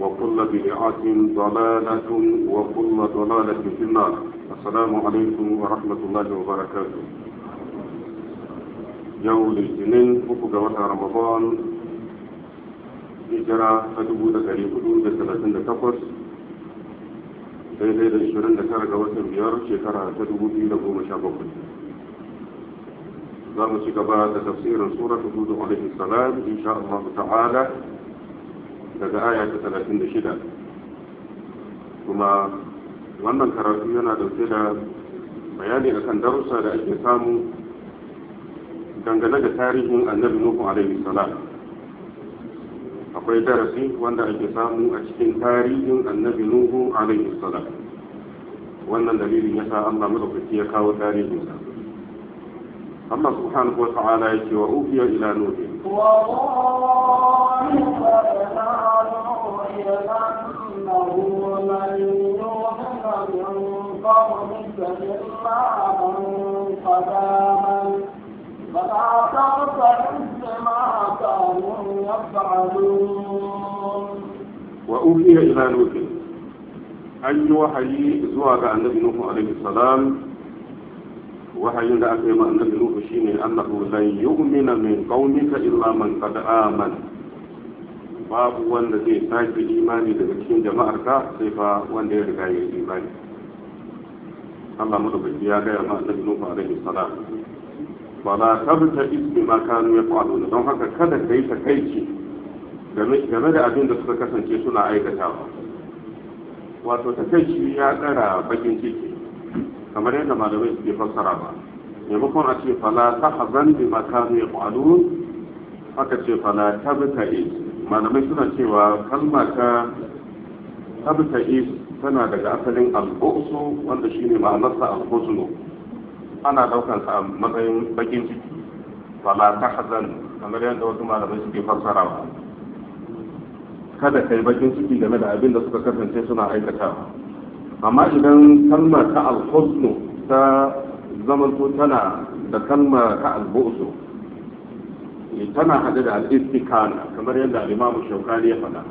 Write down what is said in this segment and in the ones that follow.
وكل بدعة ضلالة وكل ضلالة في النار السلام عليكم ورحمة الله وبركاته يوم الاثنين فوق رمضان hijira ta dubu da dari hudu da talatin da takwas daidai da ishirin da tara ga watan biyar shekara ta dubu biyu da goma sha bakwai za mu ci gaba da tafsirin sura ta hudu alaihi salam insha Allah ta'ala daga aya ta 36 kuma wannan karatu yana dauke da bayani akan darussa da ake samu dangane da tarihin annabi nuhu alaihi salam akwai darasi wanda ake samu a cikin tarihin annabi nuhu alaihi salam wannan dalilin yasa Allah madaukaki ya kawo tarihinsa Allah subhanahu wa ta'ala yake wa ufiya ila nuhu wa يعلمون وأوحي إلى نوح أن وحي زواج النبي نوح عليه السلام وحي لا ma النبي نوح شيني أنه لن يؤمن من قومك إلا من قد آمن babu wanda zai sake imani daga cikin jama'arka sai fa wanda ya riga ya yi imani Allah madaukaki ya gaya ma annabi Nuhu alaihi salam ba la tabta ismi ma kanu yaf'aluna don haka kada kai takaici game da abin da suka kasance suna aikatawa wato ta kai shi ya tsara bakin ciki kamar yadda malamai suke fassara ba maimakon a ce fala ta hazan bi makanu ya kwalu aka ce fala ta is malamai suna cewa kalma ta ta is tana daga asalin albosu wanda shine ma'anarsa albosuno ana sa a matsayin bakin ciki fala ta hazan kamar yadda wasu malamai suke ba. kada kai bakin ciki game da abin da suka kasance suna aikatawa amma idan kalma ta alhusnu ta zamanto tana da kalmar ta albusu eh, tana hade da al'istikana kamar yadda imamu shaukani ya faɗa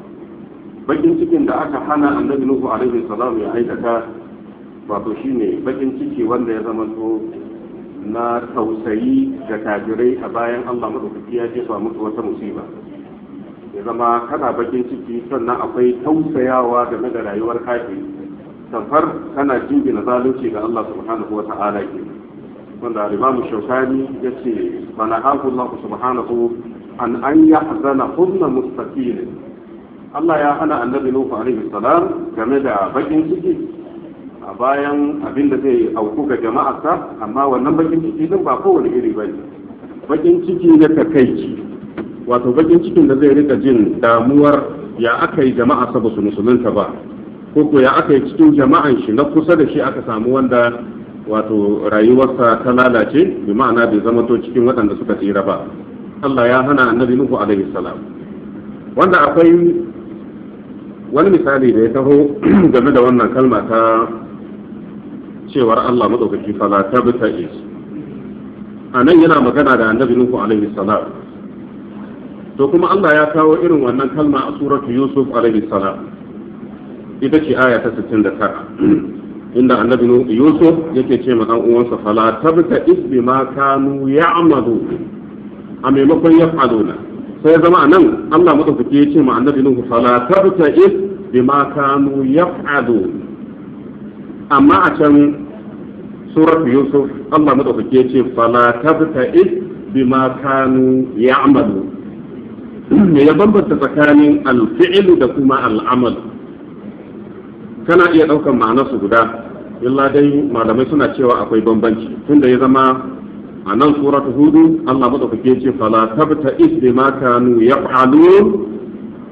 bakin cikin da aka hana annabi nuhu alaihi salam ya aikata wato shine bakin ciki wanda ya zamanto na tausayi ga tajirai a bayan Allah madaukaki ya jefa musu wata musiba ya zama kana bakin ciki sannan akwai tausayawa game da rayuwar kafi tamfar kana jingina zalunci ga Allah subhanahu wa ta'ala ke wanda al-Imam Shawkani yace bana Allah subhanahu an an yahzana hunna mustaqil Allah ya hana annabi Nuhu alaihi salam game da bakin ciki a bayan abin da zai auku ga jama'arsa amma wannan bakin ciki din ba kowane iri bane bakin ciki na takaici wato bakin cikin da zai rika jin damuwar ya aka yi jama'a saba su musulunta ba ko ko ya aka yi cikin jama'an shi na kusa da shi aka samu wanda wato rayuwarsa ta lalace bi ma'ana bai zama to cikin waɗanda suka tsira ba Allah ya hana annabi Nuhu alaihi salam wanda akwai wani misali da ya taho game da wannan kalma ta cewar Allah madaukaki fala tabta is anan yana magana da annabi Nuhu alaihi salam to kuma Allah ya kawo irin wannan kalma a suratu Yusuf alaihi salam ita ce aya ta 69 inda annabi Yusuf yake ce ma dan uwansa fala tabta isbi ma kanu ya'malu a maimakon ya na sai zama nan Allah madaukake ya ce ma annabi Nuhu fala tabta is ma kanu yaf'alun amma a can suratu Yusuf Allah madaukake ya ce fala tabta is ma kanu ya'malu ya bambanta tsakanin alfi'ilu da kuma al'amal kana iya ɗaukar ma'ana su guda illa dai malamai suna cewa akwai bambanci tunda ya zama a nan surat hudu Allah madaukake ce fala tabta is ma kanu yaf'alun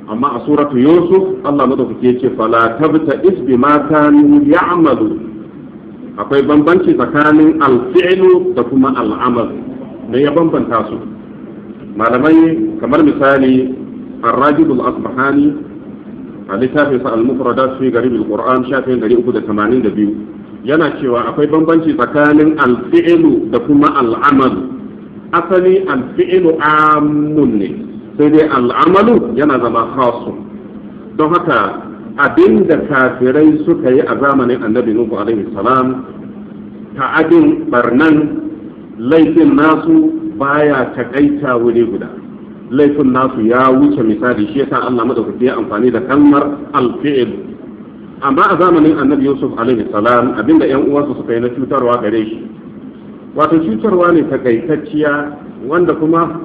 amma a suratu yusuf Allah madaukake ce fala tabta is ma kanu ya'malu akwai bambanci tsakanin alfi'il da kuma al'amal ne ya bambanta su malamai kamar misali الراجل الأصبحاني a sa al-mufradat fi garib al-qur'an shafin 382 yana cewa akwai bambanci tsakanin al da kuma al'amalu. amal asali al-fi'lu sai dai al'amalu yana zama khasun don haka abinda kafirai suka yi a zamanin annabi nuhu alaihi salam ta abin barnan laifin nasu baya takaita wuri guda laifin nasu ya wuce misali shi yasa Allah madaukaki ya amfani da kalmar alfi'il amma a zamanin annabi yusuf alaihi salam abinda ƴan uwansa suka yi na cutarwa gare shi wato cutarwa ne takaitacciya wanda kuma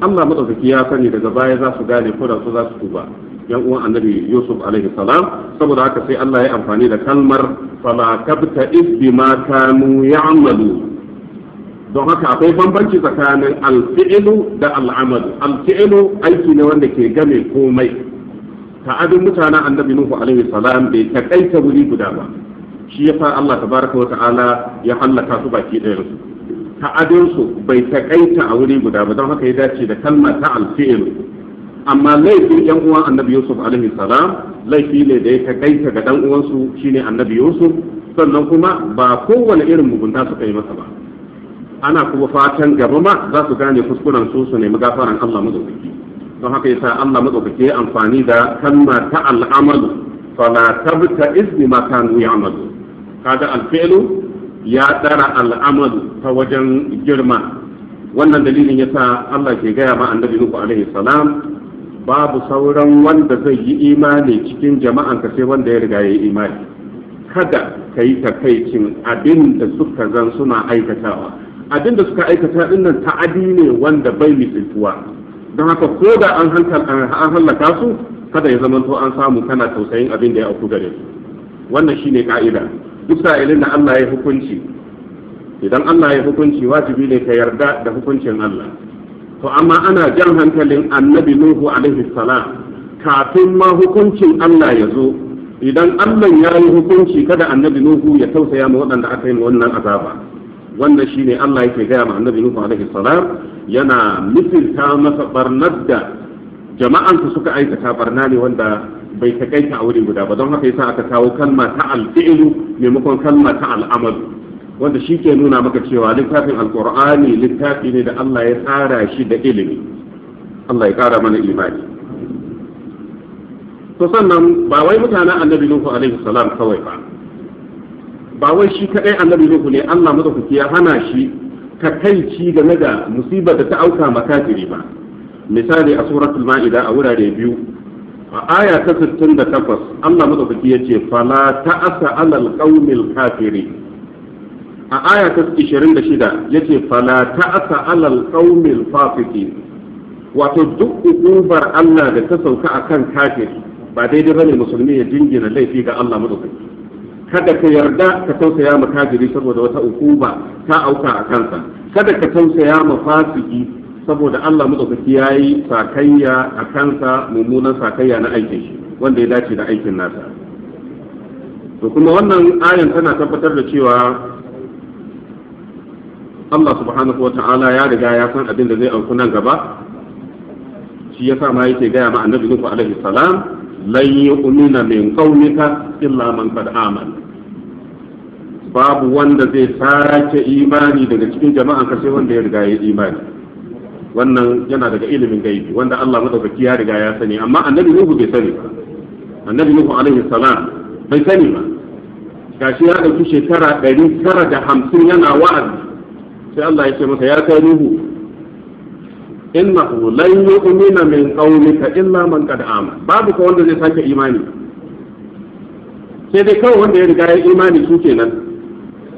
Allah madaukaki ya sani daga baya za su gane ko da su za su tuba ƴan uwan annabi yusuf alaihi salam saboda haka sai Allah ya amfani da kalmar falakabta kabta bima kanu ya'malu don haka akwai bambanci tsakanin alfi'ilu da al'amalu alfi'ilu aiki ne wanda ke game komai Ta adin mutanen annabi nuhu alaihi salam bai takaita wuri guda ba shi yasa Allah tabaraka wa ta'ala ya hallaka su baki ɗaya su adin su bai takaita a wuri guda ba don haka ya dace da kalma ta alfi'ilu amma laifin yan uwan annabi yusuf alaihi salam laifi ne da ya takaita ga dan uwansu shine annabi yusuf sannan kuma ba kowane irin mugunta suka yi masa ba ana kuma fatan gaba ma za su gane kuskuren su su nemi gafaran Allah madaukaki don haka yasa Allah madaukaki ya amfani da kalma ta al'amalu fala tabta izni ma kanu ya'malu kaga alfi'lu ya tsara al'amalu ta wajen girma wannan dalilin yasa Allah ke gaya ma annabi Nuhu alaihi salam babu sauran wanda zai yi imani cikin jama'an ka sai wanda ya riga ya yi imani kada ka yi takaicin abin da suka zan suna aikatawa abin da suka aikata nan ta'adi ne wanda bai misaltuwa don haka ko da an hallaka su kada ya zama to an samu kana tausayin abin da ya auku gare su wannan shine ka'ida duk sa'ilin da Allah ya hukunci idan Allah ya hukunci wajibi ne ka yarda da hukuncin Allah to amma ana jan hankalin annabi Nuhu alaihi salam kafin ma hukuncin Allah ya zo idan Allah ya yi hukunci kada annabi Nuhu ya tausaya ma waɗanda aka yi wannan azaba wannan shine Allah yake gaya ma annabi Nuhu alaihi salam yana misilta masa barnar da jama'ansa suka aikata barna ne wanda bai takaita a wuri guda ba don haka yasa aka kawo kalma ta alfi'lu maimakon kalma ta al'amal wanda shi ke nuna maka cewa littafin alqur'ani littafi ne da Allah ya tsara shi da ilimi Allah ya kara mana imani to sannan ba wai mutanen annabi Nuhu alaihi salam kawai ba ba wai shi kadai annabi nuhu ne Allah madaukaki ya hana shi takaici game da musibar da ta auka kafiri ba misali a suratul ma'ida a wurare biyu a aya ta 68 Allah madaukaki ya ce fala ta'asa alal qaumil kafiri a aya ta 26 ya ce fala ta'asa alal qaumil fasiki wato duk ubar Allah da ta sauka akan kafiri ba daidai bane musulmi ya jingina laifi ga Allah madaukaki kada ka yarda ka tausaya ma kafiri saboda wata ukuba ta auka a kansa kada ka tausaya ma fasiki saboda Allah madaukaki yayi sakayya a kansa mummunan sakayya na aikin shi wanda ya dace da aikin nasa to kuma wannan ayan tana tabbatar da cewa Allah subhanahu wata'ala ya riga ya san abin da zai auku nan gaba shi yasa ma yake gaya ma annabi Nuhu alaihi salam lan yu'mina min qaumika illa man qad amana babu wanda zai sake imani daga cikin jama'a kashe sai wanda ya riga ya imani wannan yana daga ilimin gaibi wanda Allah madaukaki ya riga ya sani amma annabi Nuhu bai sani ba annabi Nuhu alaihi salam bai sani ba gashi ya dauki shekara 950 yana wa'azi sai Allah ya ce masa ya kai Nuhu innahu lan yu'mina min qaumika illa man qad amana babu ko wanda zai sake imani sai dai kawai wanda ya riga ya imani su kenan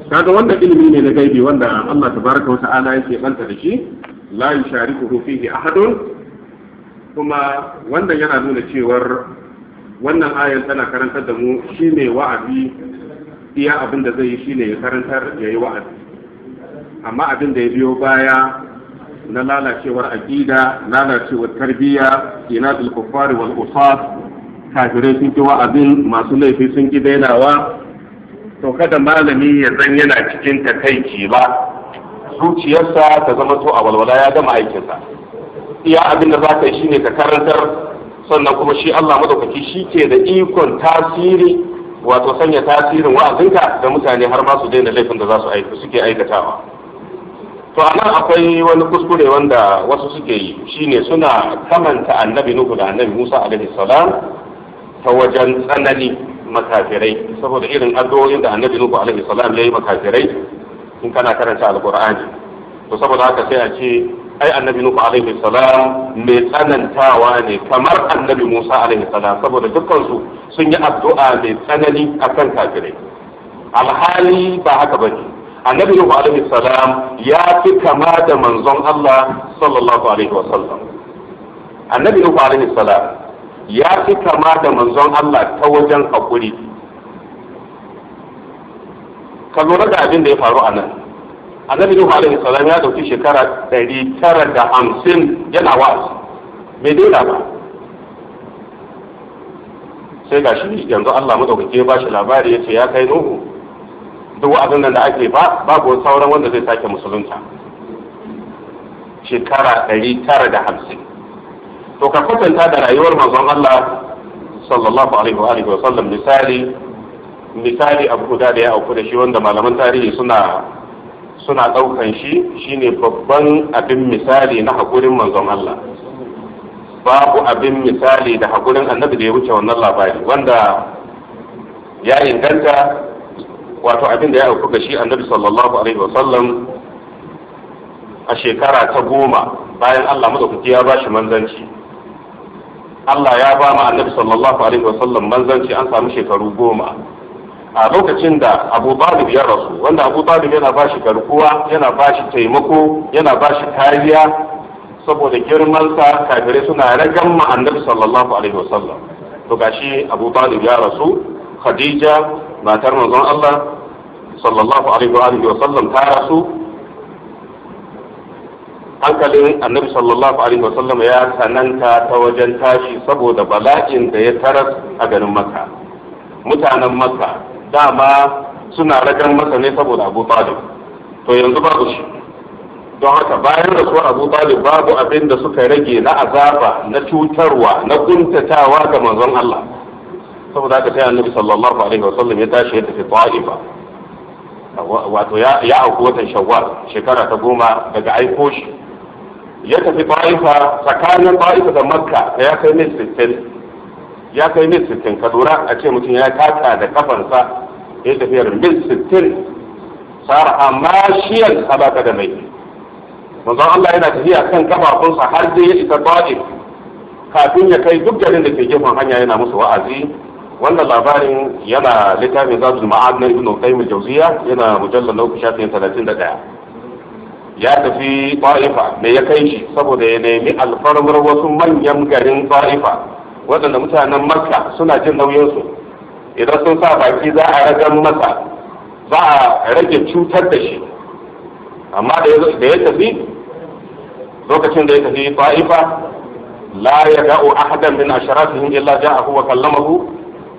kaga wannan ilimi ne na gaibi wanda Allah tabaraka wa ta'ala yake banta da shi la yushariku fihi ahadun kuma wannan yana nuna cewar wannan ayan tana karantar da mu shine wa'azi iya abin da zai yi shine ya karantar ya yi wa'azi amma abin da ya biyo baya na lalacewar aqida lalacewar tarbiyya ina kuffari wal usas kafirai sun ki wa'azin masu laifi sun ki dainawa to kada malami ya zan yana cikin takaici ba zuciyarsa ta zama to a walwala ya gama aikinsa iya abin da za ka yi shi ne ka karantar sannan kuma shi Allah madaukaki shi ke da ikon tasiri wato sanya tasirin wa'azinka da mutane har ma su daina laifin da za su aiki suke aikatawa to a nan akwai wani kuskure wanda wasu suke yi shine suna kamanta annabi nuhu da annabi musa alaihi salam ta wajen tsanani makafirai saboda irin addu'o'in da annabi nuhu alaihi salam yayi makafirai in kana karanta alqur'ani to saboda haka sai a ce ai annabi nuhu alaihi salam mai tsanantawa ne kamar annabi musa alaihi salam saboda dukkan su sun yi addu'a mai tsanani akan kafirai alhali ba haka bane annabi nuhu alaihi salam ya fi kama da manzon Allah sallallahu alaihi wasallam annabi nuhu alaihi salam ya fi kama da manzon Allah ta wajen haƙuri ka lura da abin da ya faru a nan annabi nuhu alaihi salam ya dauki shekara ɗari tara da hamsin yana wa'azi bai daina ba sai ga shi yanzu Allah ya ba shi labari ya ce ya kai nuhu duk wa'azin nan da ake ba babu sauran wanda zai sake musulunta shekara ɗari tara da hamsin to ka kwatanta da rayuwar manzon Allah sallallahu alaihi wa alihi wa sallam misali misali abu guda da ya auku da shi wanda malaman tarihi suna suna daukan shi shine babban abin misali na hakurin manzon Allah babu abin misali da hakurin annabi da ya wuce wannan labari wanda ya inganta wato abin da ya auku ga shi annabi sallallahu alaihi wa sallam a shekara ta goma bayan Allah madaukaki ya bashi manzanci Allah ya ba mu annabi sallallahu alaihi wasallam manzanci an samu shekaru goma a lokacin da Abu Talib ya rasu wanda Abu Talib yana ba shi garkuwa yana ba shi taimako yana ba shi kariya saboda girman sa kafirai suna ragan ma annabi sallallahu alaihi wasallam to gashi Abu Talib ya rasu Khadija matar manzon Allah sallallahu alaihi wa sallam ta rasu hankalin annabi sallallahu alaihi wasallam ya tsananta ta wajen tashi saboda bala'in da ya taras a ganin maka mutanen maka dama suna ragar masa ne saboda abu talib to yanzu babu shi don haka bayan da su abu talib babu abin da suka rage na azaba na cutarwa na kuntatawa ga manzon Allah saboda haka sai annabi sallallahu alaihi wasallam ya tashi ya tafi ta'ifa wato ya auku watan shawwal shekara ta goma daga aiko shi ya tafi ta'ifa tsakanin ta'ifa da makka ya kai mil 60 ya kai mil 60 ka lura a ce mutum ya kaka da kafansa ya tafiyar mil 60 sara amma shiyar sabaka da mai manzon Allah yana tafiya kan kafafunsa har zai ya isa ta'if kafin ya kai duk garin da ke gefen hanya yana musu wa'azi wannan labarin yana littafin zazu ma'ad na ibnu qayyim al-jawziya yana mujallal da 31 ya tafi ta'ifa me ya kai shi saboda ya nemi alfarmar wasu manyan garin ta'ifa waɗanda mutanen makka suna jin nauyinsu idan sun sa baki za a ragar masa za a rage cutar da shi amma da ya tafi lokacin da ya tafi ta'ifa la ya a ahadan min asharatihim illa ja'ahu wa kallamahu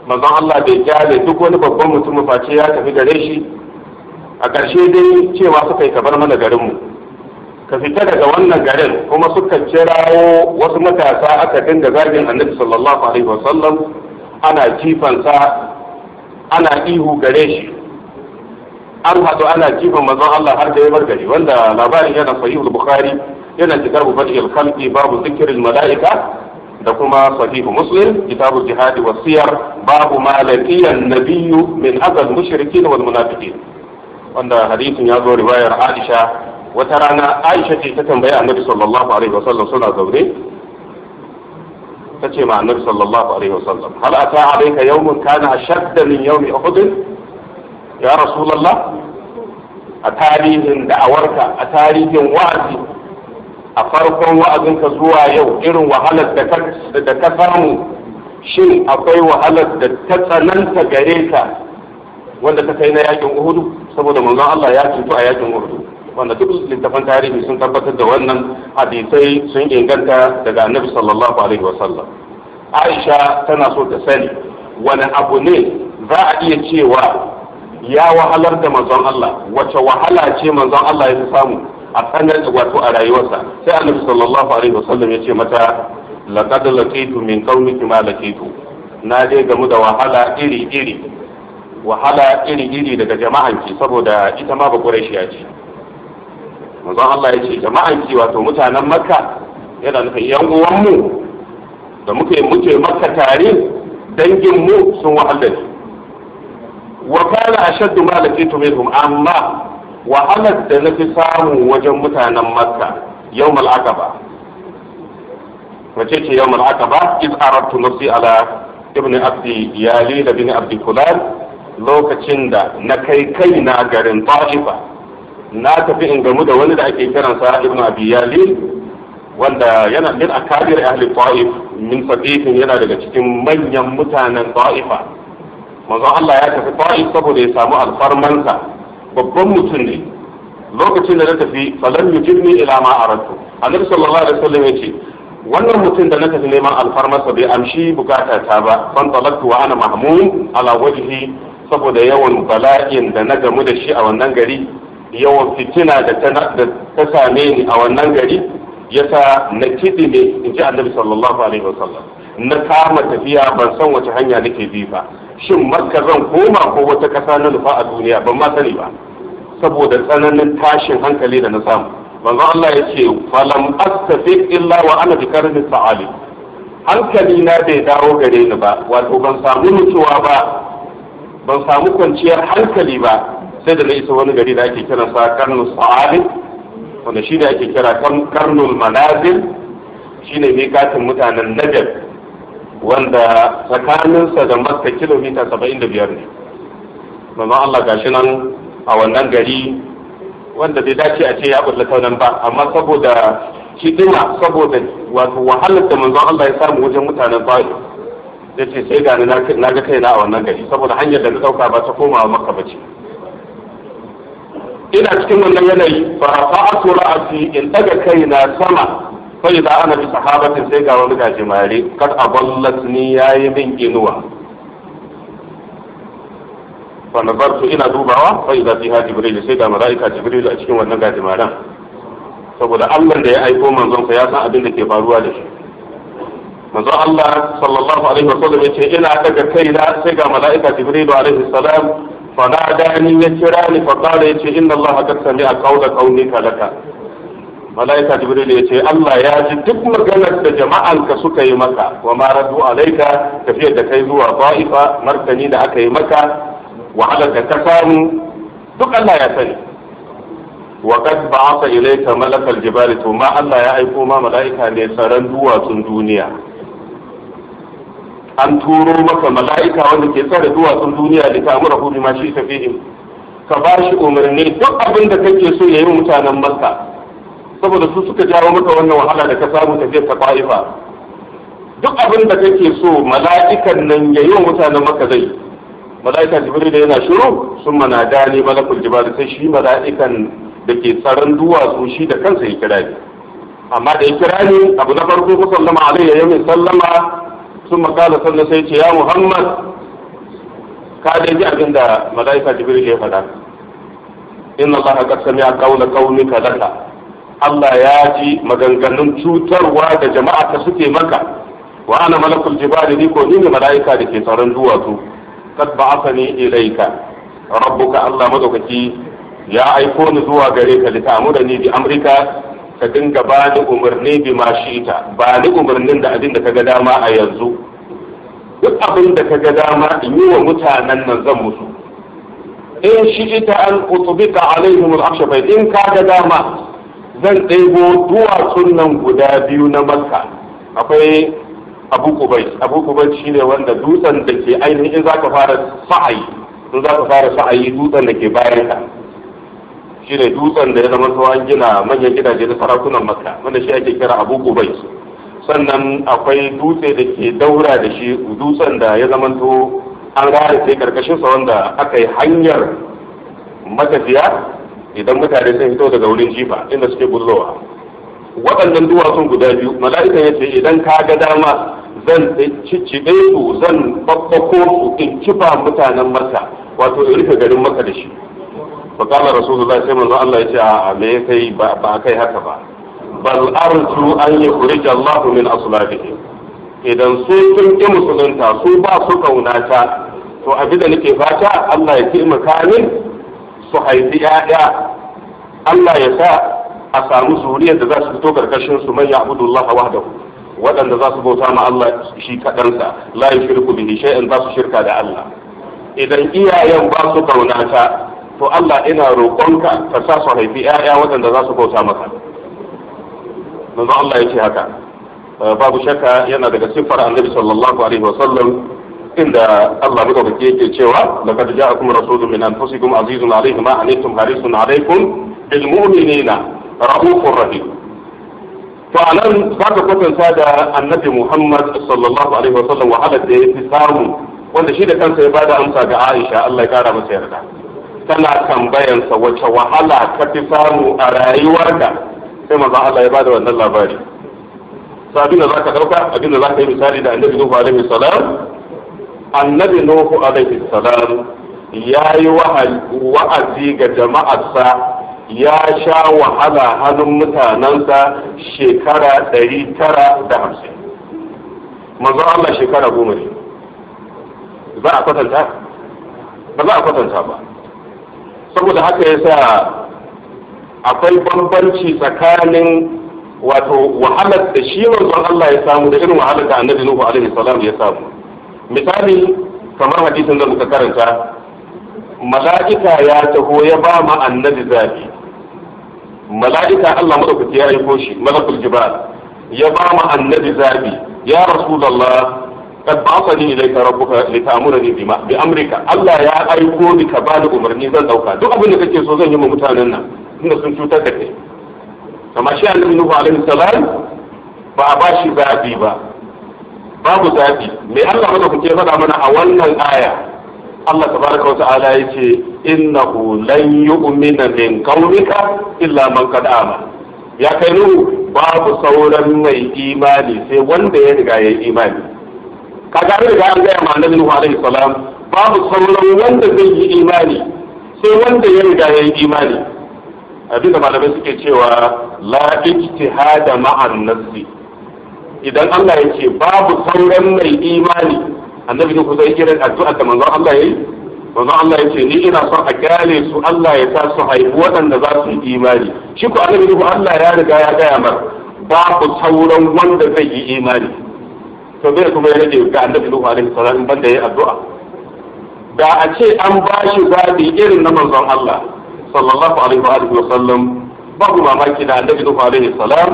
manzon Allah bai jale duk wani babban mutum face ya tafi gare shi a ƙarshe dai cewa suka yi kabar mana garinmu ka fita daga wannan garin kuma suka kirawo wasu matasa aka dinga zagin annabi sallallahu alaihi wasallam ana jifansa ana ihu gare shi an haɗu ana jifan manzon Allah har da ya bar gari wanda labarin yana sahihul bukhari yana kitabu badil khalqi babu zikril malaika da kuma sahihu muslim kitabu jihadi wasiyar babu ma laqiya nabiyyu min azal mushrikin wal munafiqin wanda hadisin ya zo riwayar Aisha wata rana Aisha ce ta tambayi Annabi sallallahu alaihi wasallam suna zaune ta ce ma Annabi sallallahu alaihi wasallam hal ata alayka yawmun kana ashadda min yawmi Uhud ya Rasulullah a tarihin da'awarka a tarihin wa'azi a farkon wa'azinka zuwa yau irin wahalar da ka samu shin akwai wahalar da ta tsananta gare ka wanda ta kai na yakin uhudu saboda manzon Allah ya cutu a yakin Uhud wanda duk littafan tarihi sun tabbatar da wannan hadisai sun inganta daga Annabi sallallahu alaihi wasallam Aisha tana so ta sani wani abu ne za a iya cewa ya wahalar da manzon Allah wace wahala ce manzon Allah ya samu a tsanar wato a rayuwarsa sai Annabi sallallahu alaihi wasallam ya ce mata laqad laqitu min qaumiki ma laqitu na dai gamu da wahala iri iri wahala iri-iri daga jama'anki saboda ita ma ba ce manzon Allah ya ce jama'anki wato mutanen makka yana nufin yan uwanmu da muke muke makka tare mu sun wahala ne wa kana ashaddu ma laqitu minhum amma wahalar da na fi samu wajen mutanen makka yawmal aqaba wace ce yawmal aqaba iz aradtu nafsi ala ibn abdi yalil bin abdi kulal lokacin da na kai kai na garin ta'ifa na tafi in gamu da wani da ake sa ibn abi yalil wanda yana min akabir ahli ta'if min fadihin yana daga cikin manyan mutanen ta'ifa manzon Allah ya tafi ta'if saboda ya samu alfarmansa babban mutum ne lokacin da na tafi falan yujibni ila ma aratu annabi sallallahu alaihi wasallam yace wannan mutum da na tafi neman alfarmarsa bai amshi bukata ta ba fan wa ana mahmum ala wajhi saboda yawan bala'in da na gamu da shi a wannan gari yawan fitina da ta same ni a wannan gari yasa na kiɗi ne in ji annabi sallallahu alaihi wasallam na kama tafiya ban san wace hanya nake bi ba shin makka zan koma ko wata ƙasa na nufa a duniya ban ma sani ba saboda tsananin tashin hankali da na samu manzo Allah ya ce falam astafi illa wa ana bi karni sa'ali hankali na bai dawo gare ni ba wato ban samu nutsuwa ba ban samu kwanciyar hankali ba sai da na isa wani gari da ake kira sa karnu sa'adin wanda shi da ake kira karnul manazil mai mikatin mutanen najar wanda tsakaninsa da maska kilomita 75 ne mamman allah gashi nan a wannan gari wanda bai dace a ce ya bulla taunan ba amma saboda hidima saboda wato wahalar da manzon allah ya samu wajen mutanen ba'i ya ce sai gani na ga kaina a wannan gari saboda hanyar da na ɗauka ba ta komawa maka ba ce ina cikin wannan yanayi fa rafa'atu ra'asi in daga kaina sama fa idza ana bi sahabatin sai ga wani gaji mare kad aballatni yayi min inuwa fa nazartu ina dubawa fa idza fiha jibril sai ga malaika jibril a cikin wannan gaji maran saboda Allah da ya aiko manzon sa ya san abin da ke faruwa da shi manzo Allah sallallahu alaihi wasallam yace ina daga kaina sai ga mala'ika Jibril alaihi salam fanadani ya kira ni fa qala yace inna Allah qad sami'a qawla qawlika laka mala'ika Jibril yace Allah ya ji duk maganar da jama'anka suka yi maka wa ma radu alaika tafiyar da kai zuwa Ba'ifa martani da aka yi maka wahalar da ka samu duk Allah ya sani wa kad ba'atha ilayka malakal jibali to Allah ya aiko ma mala'ika ne tsaron duwatsun duniya an turo maka mala'ika wanda ke tsare duwatsun duniya da ta amura hudu ma shi tafihim ka ba shi umarni duk abin da kake so ya yi mutanen makka saboda su suka jawo maka wannan wahala da ka samu tafiyar ta fa'ifa duk abin da kake so mala'ikan nan ya yi wa mutanen makka zai mala'ika jibril da yana shiru sun mana dani malakul jibril sai shi mala'ikan da ke tsaron duwatsu shi da kansa ya kira ni amma da ya kira ni abu na farko ko sallama alayya ya sallama sun makala sannan sai ce ya muhammad ka dai ji abin da mala'ika jibril ya faɗa inna allah qad sami'a qawla qaumika laka Allah ya ji maganganun cutarwa da jama'a ta suke maka wa ana malakul jibali ni ko ni ne mala'ika da ke tsaron duwatsu kad ba'athani ilayka rabbuka Allah madaukaki ya aiko ni zuwa gare ka da ta'mura ni bi amrika ka dinga ba da umarni bi ma ta ba da umarnin da abin da ka ga dama a yanzu duk abin da ka ga dama in yi wa mutanen nan zan musu in shi'ita an utubika alaihim al-ashfa in ka ga dama zan ɗebo duwatsun nan guda biyu na makka akwai abu kubai abu kubai shine wanda dutsen da ke ainihin za ka fara sa'ayi in za ka fara sa'ayi dutsen da ke bayan ka shine dutsen da ya zama to gina manyan gidaje na sarakunan makka wanda shi ake kira abu kubai sannan akwai dutse da ke daura da shi dutsen da ya zama to an rare sai karkashin sa wanda aka yi hanyar matafiya idan mutane sun fito daga wurin jifa inda suke gurzowa waɗannan duwatsun guda biyu mala'ika ya ce idan ka ga dama zan ciccibe su zan babbako su in kifa mutanen maka wato in rufe garin maka da shi فقال رسول الله صلى الله عليه وسلم kai haka ba بل an yi يخرج الله من أصلابهم idan su sun ƙi musulunta su ba su kaunata to abin da nake fata Allah ya taimaka min su haifi ‘ya'ya Allah ya sa a samu zuriyar da za su fito karkashin su man ya'budullaha wahdahu waɗanda za su bauta ma Allah shi kaɗansa la yushriku bihi shay'an ba su shirka da Allah idan iyayen ba su kaunata to Allah ina roƙonka ka sa su haifi ‘ya'ya waɗanda za su bauta maka manzo Allah ya ce haka eh, babu shakka yana daga siffar annabi sallallahu alaihi wasallam inda Allah madaukaki yake cewa laqad ja'akum rasulun min anfusikum azizun alayhi ma anittum harisun alaykum bil mu'minina rahufur rahim to anan za ka kwatanta da annabi Muhammad sallallahu alaihi wasallam wahalar da ya fi samu wanda shi da kansa ya bada amsa ga Aisha Allah ya kara masa yarda tana tambayansa wace wahala ka fi samu a rayuwarka sai manzon Allah ya bada wannan labari sa abin da zaka dauka abin da zaka yi misali da annabi Nuhu alaihi salam annabi Nuhu alaihi salam ya yi wa'azi ga jama'arsa ya sha wahala hannun mutanensa shekara ɗari tara da hamsin maza Allah shekara goma ne ba a kwatanta ba za a kwatanta ba saboda haka ya sa akwai bambanci tsakanin wato wahalar da shi manzon Allah ya samu da irin wahalar da annabi Nuhu alaihi salam ya samu misali kamar hadisin da muka karanta mala'ika ya taho ya ba ma annabi zafi mala'ika Allah madaukaki ya aiko shi malakul jibal ya ba ma annabi zabi ya rasulullah qad ba'athani ilayka rabbuka lita'murani bima bi amrika Allah ya aiko ni ka bani umarni zan dauka duk abin da kake so zan yi ma mutanen nan inda sun cutar da kai kamar shi annabi nuhu alaihi salam ba a ba shi bi ba babu zabi me Allah maka kuke faɗa mana a wannan aya Allah tabaraka wa ta'ala yace innahu lan yu'mina min qaumika illa man qad amana ya kai nuhu babu sauran mai imani sai wanda ya riga ya yi imani ka ga da an gaya ma annabi Nuhu alaihi salam babu sauran wanda zai yi imani sai wanda ya riga ya yi imani abin da malamai suke cewa la ijtihada ma'an nafsi idan Allah ya ce babu sauran mai imani annabi Nuhu zai kira addu'a da manzon Allah yayi manzon Allah ya ce ni ina son a gane su Allah ya sa su haifi waɗanda za su yi imani shi ko annabi ku Allah ya riga ya gaya mar babu sauran wanda zai yi imani to me kuma ya rage ga annabi Nuhu alaihi salam banda yayi addu'a da a ce an ba shi zabi irin na manzon Allah sallallahu alaihi wa sallam babu mamaki da annabi Nuhu alaihi salam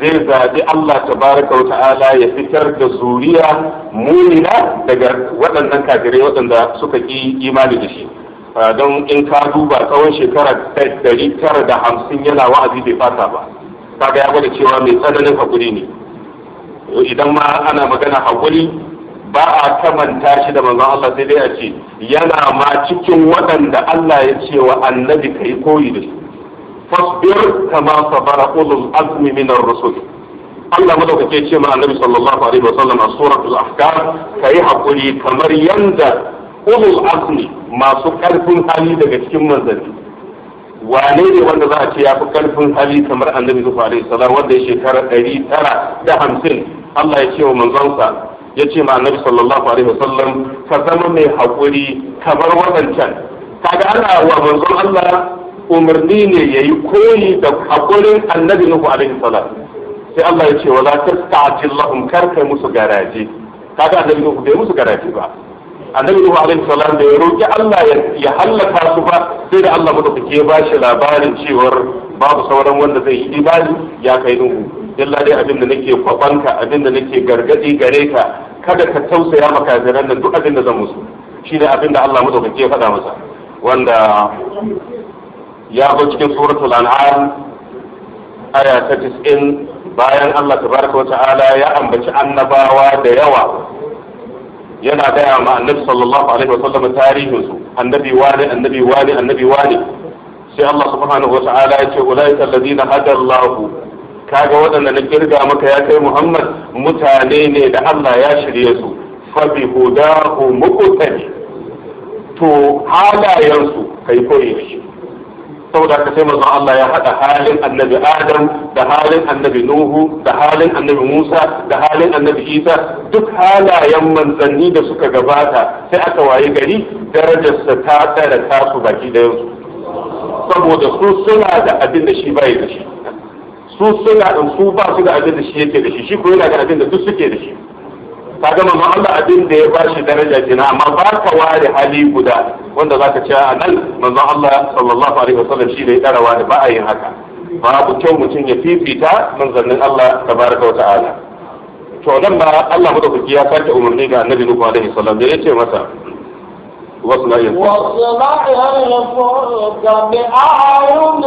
zai zaɓi Allah tabaraka wa ta'ala ya fitar da zuriya munina daga waɗannan kafirai waɗanda suka yi imani da shi ah, don in ka duba tsawon shekara ɗari tara da hamsin yana wa'azi bai fata ba kaga ya gwada cewa mai tsananin hakuri ne idan ma ana magana hakuri ba a kamanta shi da manzon Allah sai dai a ce yana ma cikin waɗanda Allah ya ce wa annabi yi koyi da su fasbir kama sabara ulul azmi min ar Allah madaukake ce ma annabi sallallahu alaihi wasallam a suratul ahkam yi hakuri kamar yanda ulul azmi masu karfin hali daga cikin manzanni wane ne wanda za a ce ya fi karfin hali kamar annabi zuwa alaihi salam wanda ya shekara ɗari tara da hamsin Allah ya ce wa manzonsa ya ce ma annabi sallallahu alaihi wasallam ka zama mai haƙuri kamar waɗancan kaga ana wa manzon Allah umarni ne yayi koyi da haƙurin annabi nuhu alaihi salam sai Allah ya ce wa la tasta'jil lahum kar kai musu garaje kaga annabi nuhu bai musu garaje ba annabi nuhu alaihi salam da ya roki Allah ya halaka su ba sai da Allah madaukake ya bashi labarin cewar babu sauran wanda zai yi ibadi ya kai nuhu illa dai abinda da nake kwabanka abin nake gargadi gare ka kada ka tausaya makafiran nan duk abinda zan musu shine abin da Allah madaukake ya faɗa masa wanda ya zo cikin suratul an'am aya ta 90 bayan Allah tabaraka wa ta'ala ya ambaci annabawa da yawa yana gaya ma annabi sallallahu alaihi wa sallam tarihinsu annabi wani annabi wani annabi wani sai Allah subhanahu wa ta'ala ya ce ulaika alladhina hada Allah kaga waɗanda na kirga maka ya kai muhammad mutane ne da allah ya shirye su fabi hudahu muqtadi to halayensu kai koyi shi saboda ka sai manzon Allah ya haɗa halin annabi Adam da halin annabi Nuhu da halin annabi Musa da halin annabi Isa duk halayen manzanni da suka gabata sai aka waye gari darajarsa ta tsara tasu baki da yanzu saboda su suna da abin da shi bai da shi su suna da su ba su da abin da shi yake da shi shi ko yana da abin da duk suke da shi ka ga ma Allah abin da ya ba shi daraja jina amma ba ka ware hali guda wanda zaka ce a nan manzon Allah sallallahu alaihi wasallam shi ne ya dara wani ba a yin haka babu kyau mutum ya fifita manzannin Allah tabaraka wa ta'ala to nan ba Allah madaukaki ya sake umarni ga annabi Nuhu alaihi salam da yace masa وصلاحها وصلاحها يفوز بأعين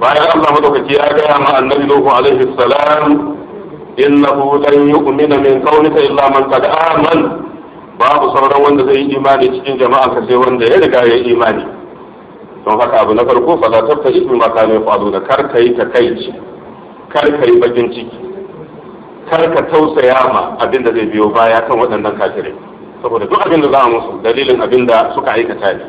bayan Allah madaukaki ya gaya ma annabi Nuhu alaihi salam innahu lan yu'mina aman babu sauran wanda zai yi imani cikin jama'a sai wanda ya riga ya yi imani don haka abu na farko fa za ta ta ibu maka ne faɗo da kar ka yi takaici kar ka yi bakin ciki kar ka tausaya ma abin da zai biyo baya kan waɗannan kafirai saboda duk abin da za a musu dalilin abin da suka aikata ne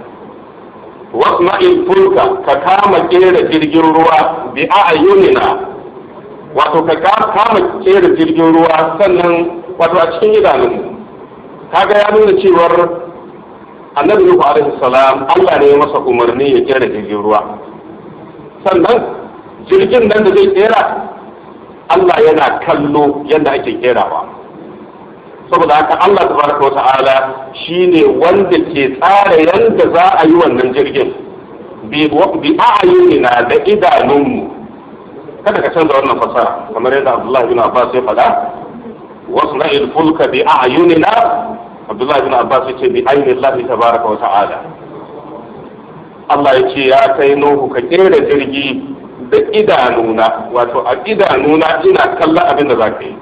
wasma'il fulka ka kama kera jirgin ruwa bi ayyunina wato ka kama kera jirgin ruwa sannan wato a cikin idanunmu ga ya nuna cewar annabi nuhu alaihi salam Allah ne ya masa umarni ya kera jirgin ruwa sannan jirgin nan da zai kera Allah yana kallo yadda ake kerawa saboda haka Allah tabaraka wa ta'ala shine wanda ke tsara yadda za a yi wannan jirgin bi a'yunina da idanunmu kada ka canza wannan fasara kamar yadda Abdullahi bin Abbas ya faɗa wasu na fulka bi a'yunina abdullahi bin abbas ya ce bi ainihin lafi tabaraka wa ta'ala Allah ya ce ya kai nuhu ka kera jirgi da idanuna wato a idanuna ina kalla abin da za ka yi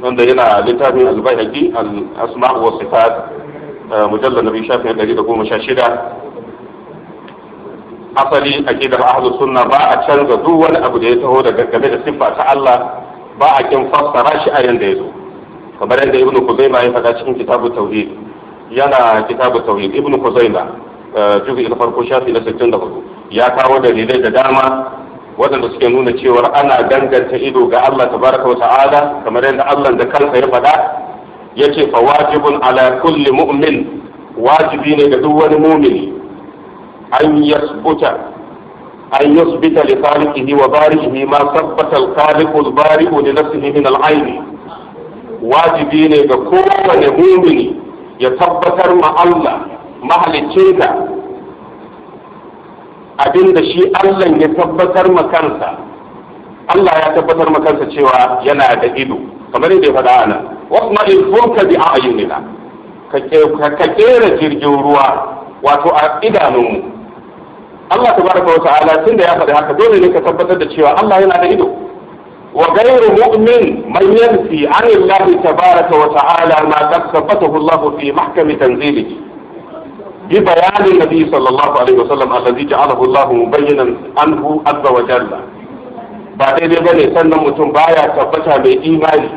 wanda yana littafin albayhaqi al-asma wa sifat eh, mujallal nabi sha 116 asali a aqidar ahlus sunna ba a canza duk wani abu da ya taho daga game da siffa ta Allah ba a kin fassara shi a yanda ya zo kamar yadda ibn kuzaima ya faɗa cikin kitabu tauhid yana kitabu tauhid ibn kuzaima eh, juzu na farko shafi na 64 ya kawo dalilai da dama waɗanda suke nuna cewar ana danganta ido ga Allah tabaraka wa ta'ala kamar yadda Allah da kansa ya faɗa yace fa wajibun ala kulli mu'min wajibi ne ga duk wani mu'mini an yasbuta أن يثبت لخالقه وبارئه ما ثبت الخالق البارئ لنفسه من العين wajibi ne ga kowane mumini ya tabbatar ma Allah ka. abinda shi Allah ya tabbatar ma kansa Allah ya tabbatar ma kansa cewa yana da ido kamar yadda ya faɗa ana wasma ilfulka bi a'yunina ka kera jirgin ruwa wato a idanunmu Allah tabaraka wa ta'ala tunda ya faɗi haka dole ne ka tabbatar da cewa Allah yana da ido وغير مؤمن من ينفي عن الله تبارك وتعالى ما قد ثبته الله في محكم تنزيله ببيان النبي صلى الله عليه وسلم الذي جعله الله مبينا عنه عز وجل ba daidai ba ne sannan mutum baya tabbata mai imani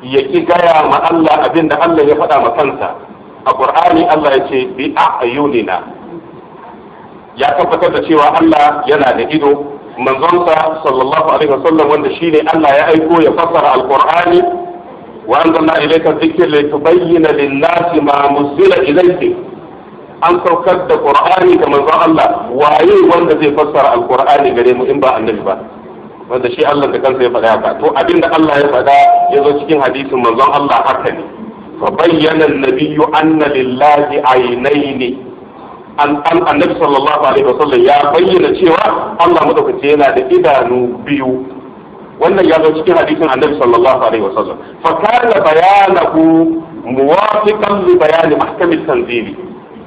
ya ki gaya ma Allah abinda Allah ya faɗa ma kansa a Qur'ani Allah ya ce bi ya tabbatar da cewa Allah yana da ido manzonsa sallallahu alaihi wasallam wanda shine Allah ya aiko ya fassara alqur'ani wa anzalna ilayka dhikra litubayyana lin-nasi ma nuzila ilayka an saukar da qur'ani ga manzon Allah waye wanda zai fassara alqur'ani gare mu in ba annabi ba wanda shi Allah da kansa ya faɗa haka to abinda Allah ya faɗa ya zo cikin hadisin manzon Allah haka ne fa bayyana an-nabiyyu anna lillahi aynaini annabi sallallahu alaihi wasallam ya bayyana cewa Allah madaukaki yana da idanu biyu wannan ya zo cikin hadisin annabi sallallahu alaihi wasallam fa kana bayanahu muwafiqan li bayani mahkamit tanzili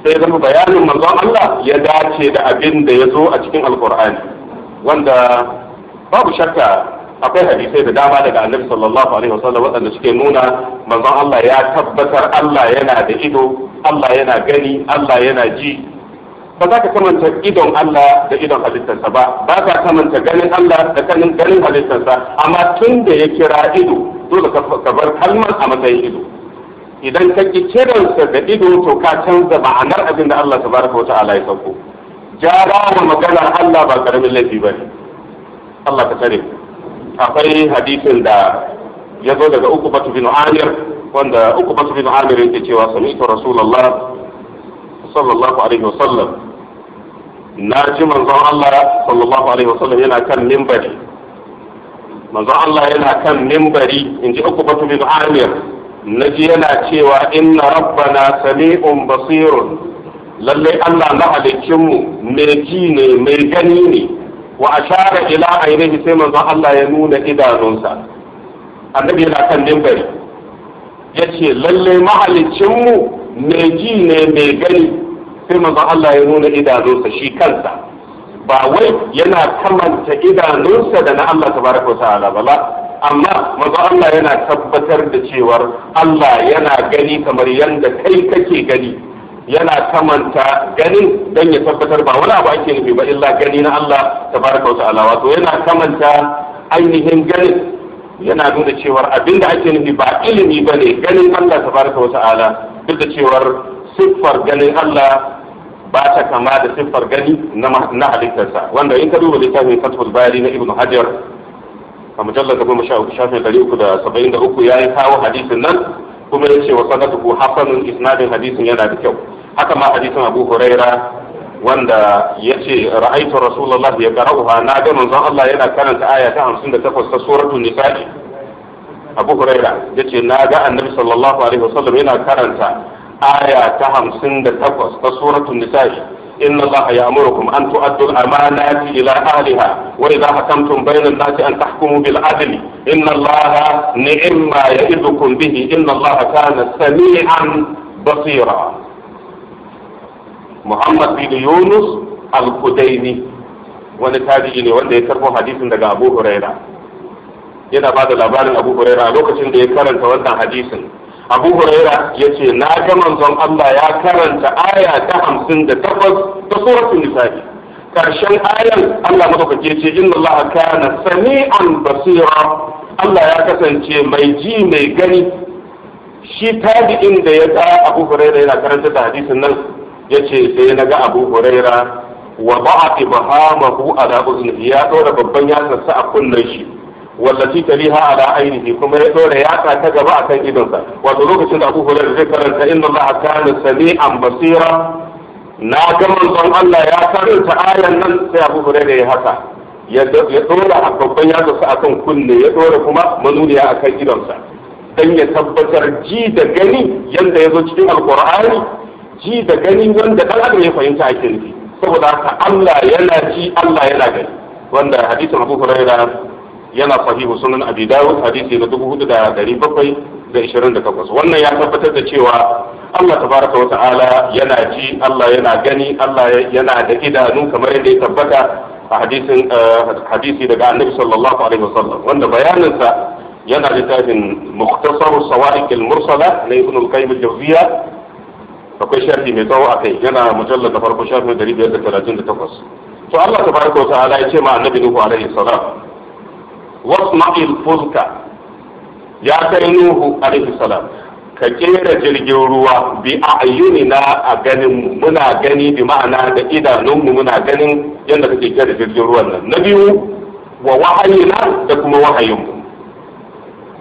sai zama bayanin manzon Allah ya dace da abin da ya zo a cikin alqur'ani wanda babu shakka akwai hadisai da dama daga annabi sallallahu alaihi wasallam waɗanda suke nuna manzon Allah ya tabbatar Allah yana da ido Allah yana gani Allah yana ji ba za ka kamanta idon Allah da idon halittarsa ba ba ka kamanta ganin Allah da ganin ganin halittarsa amma tun da ya kira ido dole ka bar kalmar a matsayin ido idan ka ki kiransa da ido to ka canza ma'anar abin da Allah tabaraka wata'ala ya sauko jara wa maganar Allah ba karamin laifi ba ne Allah ka tare akwai hadisin da ya zo daga uku batu bin amir wanda uku batu bin amir yake cewa sami ta rasulullah sallallahu alaihi wasallam na ji manzon Allah sallallahu alaihi wasallam yana kan mimbari manzon Allah yana kan mimbari in ji uku batu min amir na ji yana cewa inna rabbana sami'un basirun lalle Allah na mu mai ji ne mai gani ne wa ashara ila ainihi sai manzon Allah ya nuna idanunsa annabi yana kan mimbari yace lalle mahalicinmu mai ji ne mai gani sai maza Allah ya nuna idanunsa shi kansa ba wai yana kamanta idanunsa da na Allah tabaraka wa ta'ala ba amma maza Allah yana tabbatar da cewar Allah yana gani kamar yadda kai kake gani yana kamanta ganin dan ya tabbatar ba wani abu ake nufi ba illa gani na Allah tabaraka wa ta'ala wato yana kamanta ainihin ganin yana nuna cewar abinda ake nufi ba ilimi ba ne ganin Allah tabaraka wa ta'ala duk da cewar siffar ganin Allah ba ta kama da siffar gani na halittarsa wanda in ka duba littafin fatul bari na ibnu hajar a mujallar gaba sha uku shafin dari uku da saba'in da uku ya yi kawo hadisin nan kuma ya ce wa sanatu ku hasanun isnadin hadisin yana da kyau haka ma hadisin abu huraira wanda ya ce ra'aitu rasulullah ya qara'uha na ga manzon Allah yana karanta aya ta 58 ta suratul nisa'i abu huraira ya ce na ga annabi sallallahu alaihi wasallam yana karanta aya ta hamsin da takwas ta suratun nisa'i inna allaha ya'murukum an tu'addu al-amanati ila ahliha wa idha hakamtum bayna an-nasi an tahkumu bil adli inna allaha ni'ma ya'idukum bihi inna allaha kana sami'an basira muhammad bin yunus al-qudaini wani tabi'i ne wanda ya karbo hadisin daga abu huraira yana bada labarin abu huraira lokacin da ya karanta wannan hadisin abu huraira ya ce na ga manzon allah ya karanta aya ta hamsin da takwas ta suratun nisa'i karshen ayan allah kake ce na allaha kana sami'an basira allah ya kasance mai ji mai gani shi tabi'in da ya ga abu huraira yana karanta da hadisin nan ya ce sai na ga abu huraira wa ba'a ibhamahu a uzni ya dora babban yatsa sa a kunnen shi wallaci taliha ala ainihi kuma ya dora yatsa ta gaba akan idonsa wato lokacin da Abu Hurairah zai karanta inna Allah kana sami'an basira na ga manzon Allah ya karanta ayan nan sai Abu Hurairah ya haka ya dora babban yatsa akan kunne ya dora kuma manuniya akan idonsa dan ya tabbatar ji da gani yanda ya zo cikin alqur'ani ji da gani wanda dan adam ya fahimta a nufi saboda haka Allah yana ji Allah yana gani wanda hadisin Abu Hurairah yana sahihu sunan abi dawud hadisi na dubu da da da dari bakwai ishirin takwas wannan ya tabbatar da cewa Allah tabaraka wa ta'ala yana ji Allah yana gani Allah yana da idanu kamar yadda ya tabbata a hadisin eh, hadisi daga annabi sallallahu alaihi wasallam wanda bayaninsa yana littafin muktasar sawa'iq al-mursala na ibn al-qayyim al-jawziya akwai shafi mai tsawo akai yana mujallar da farko shafi 538 to Allah tabaraka wa ta'ala ya ce ma annabi nuhu alaihi salam wasma'il fulka ya kai nuhu alaihi salam ka kera jirgin ruwa bi na a ganin muna gani bi ma'ana da idanunmu muna ganin yadda kake kera jirgin ruwan nan na biyu wa wahayina da kuma wahayinmu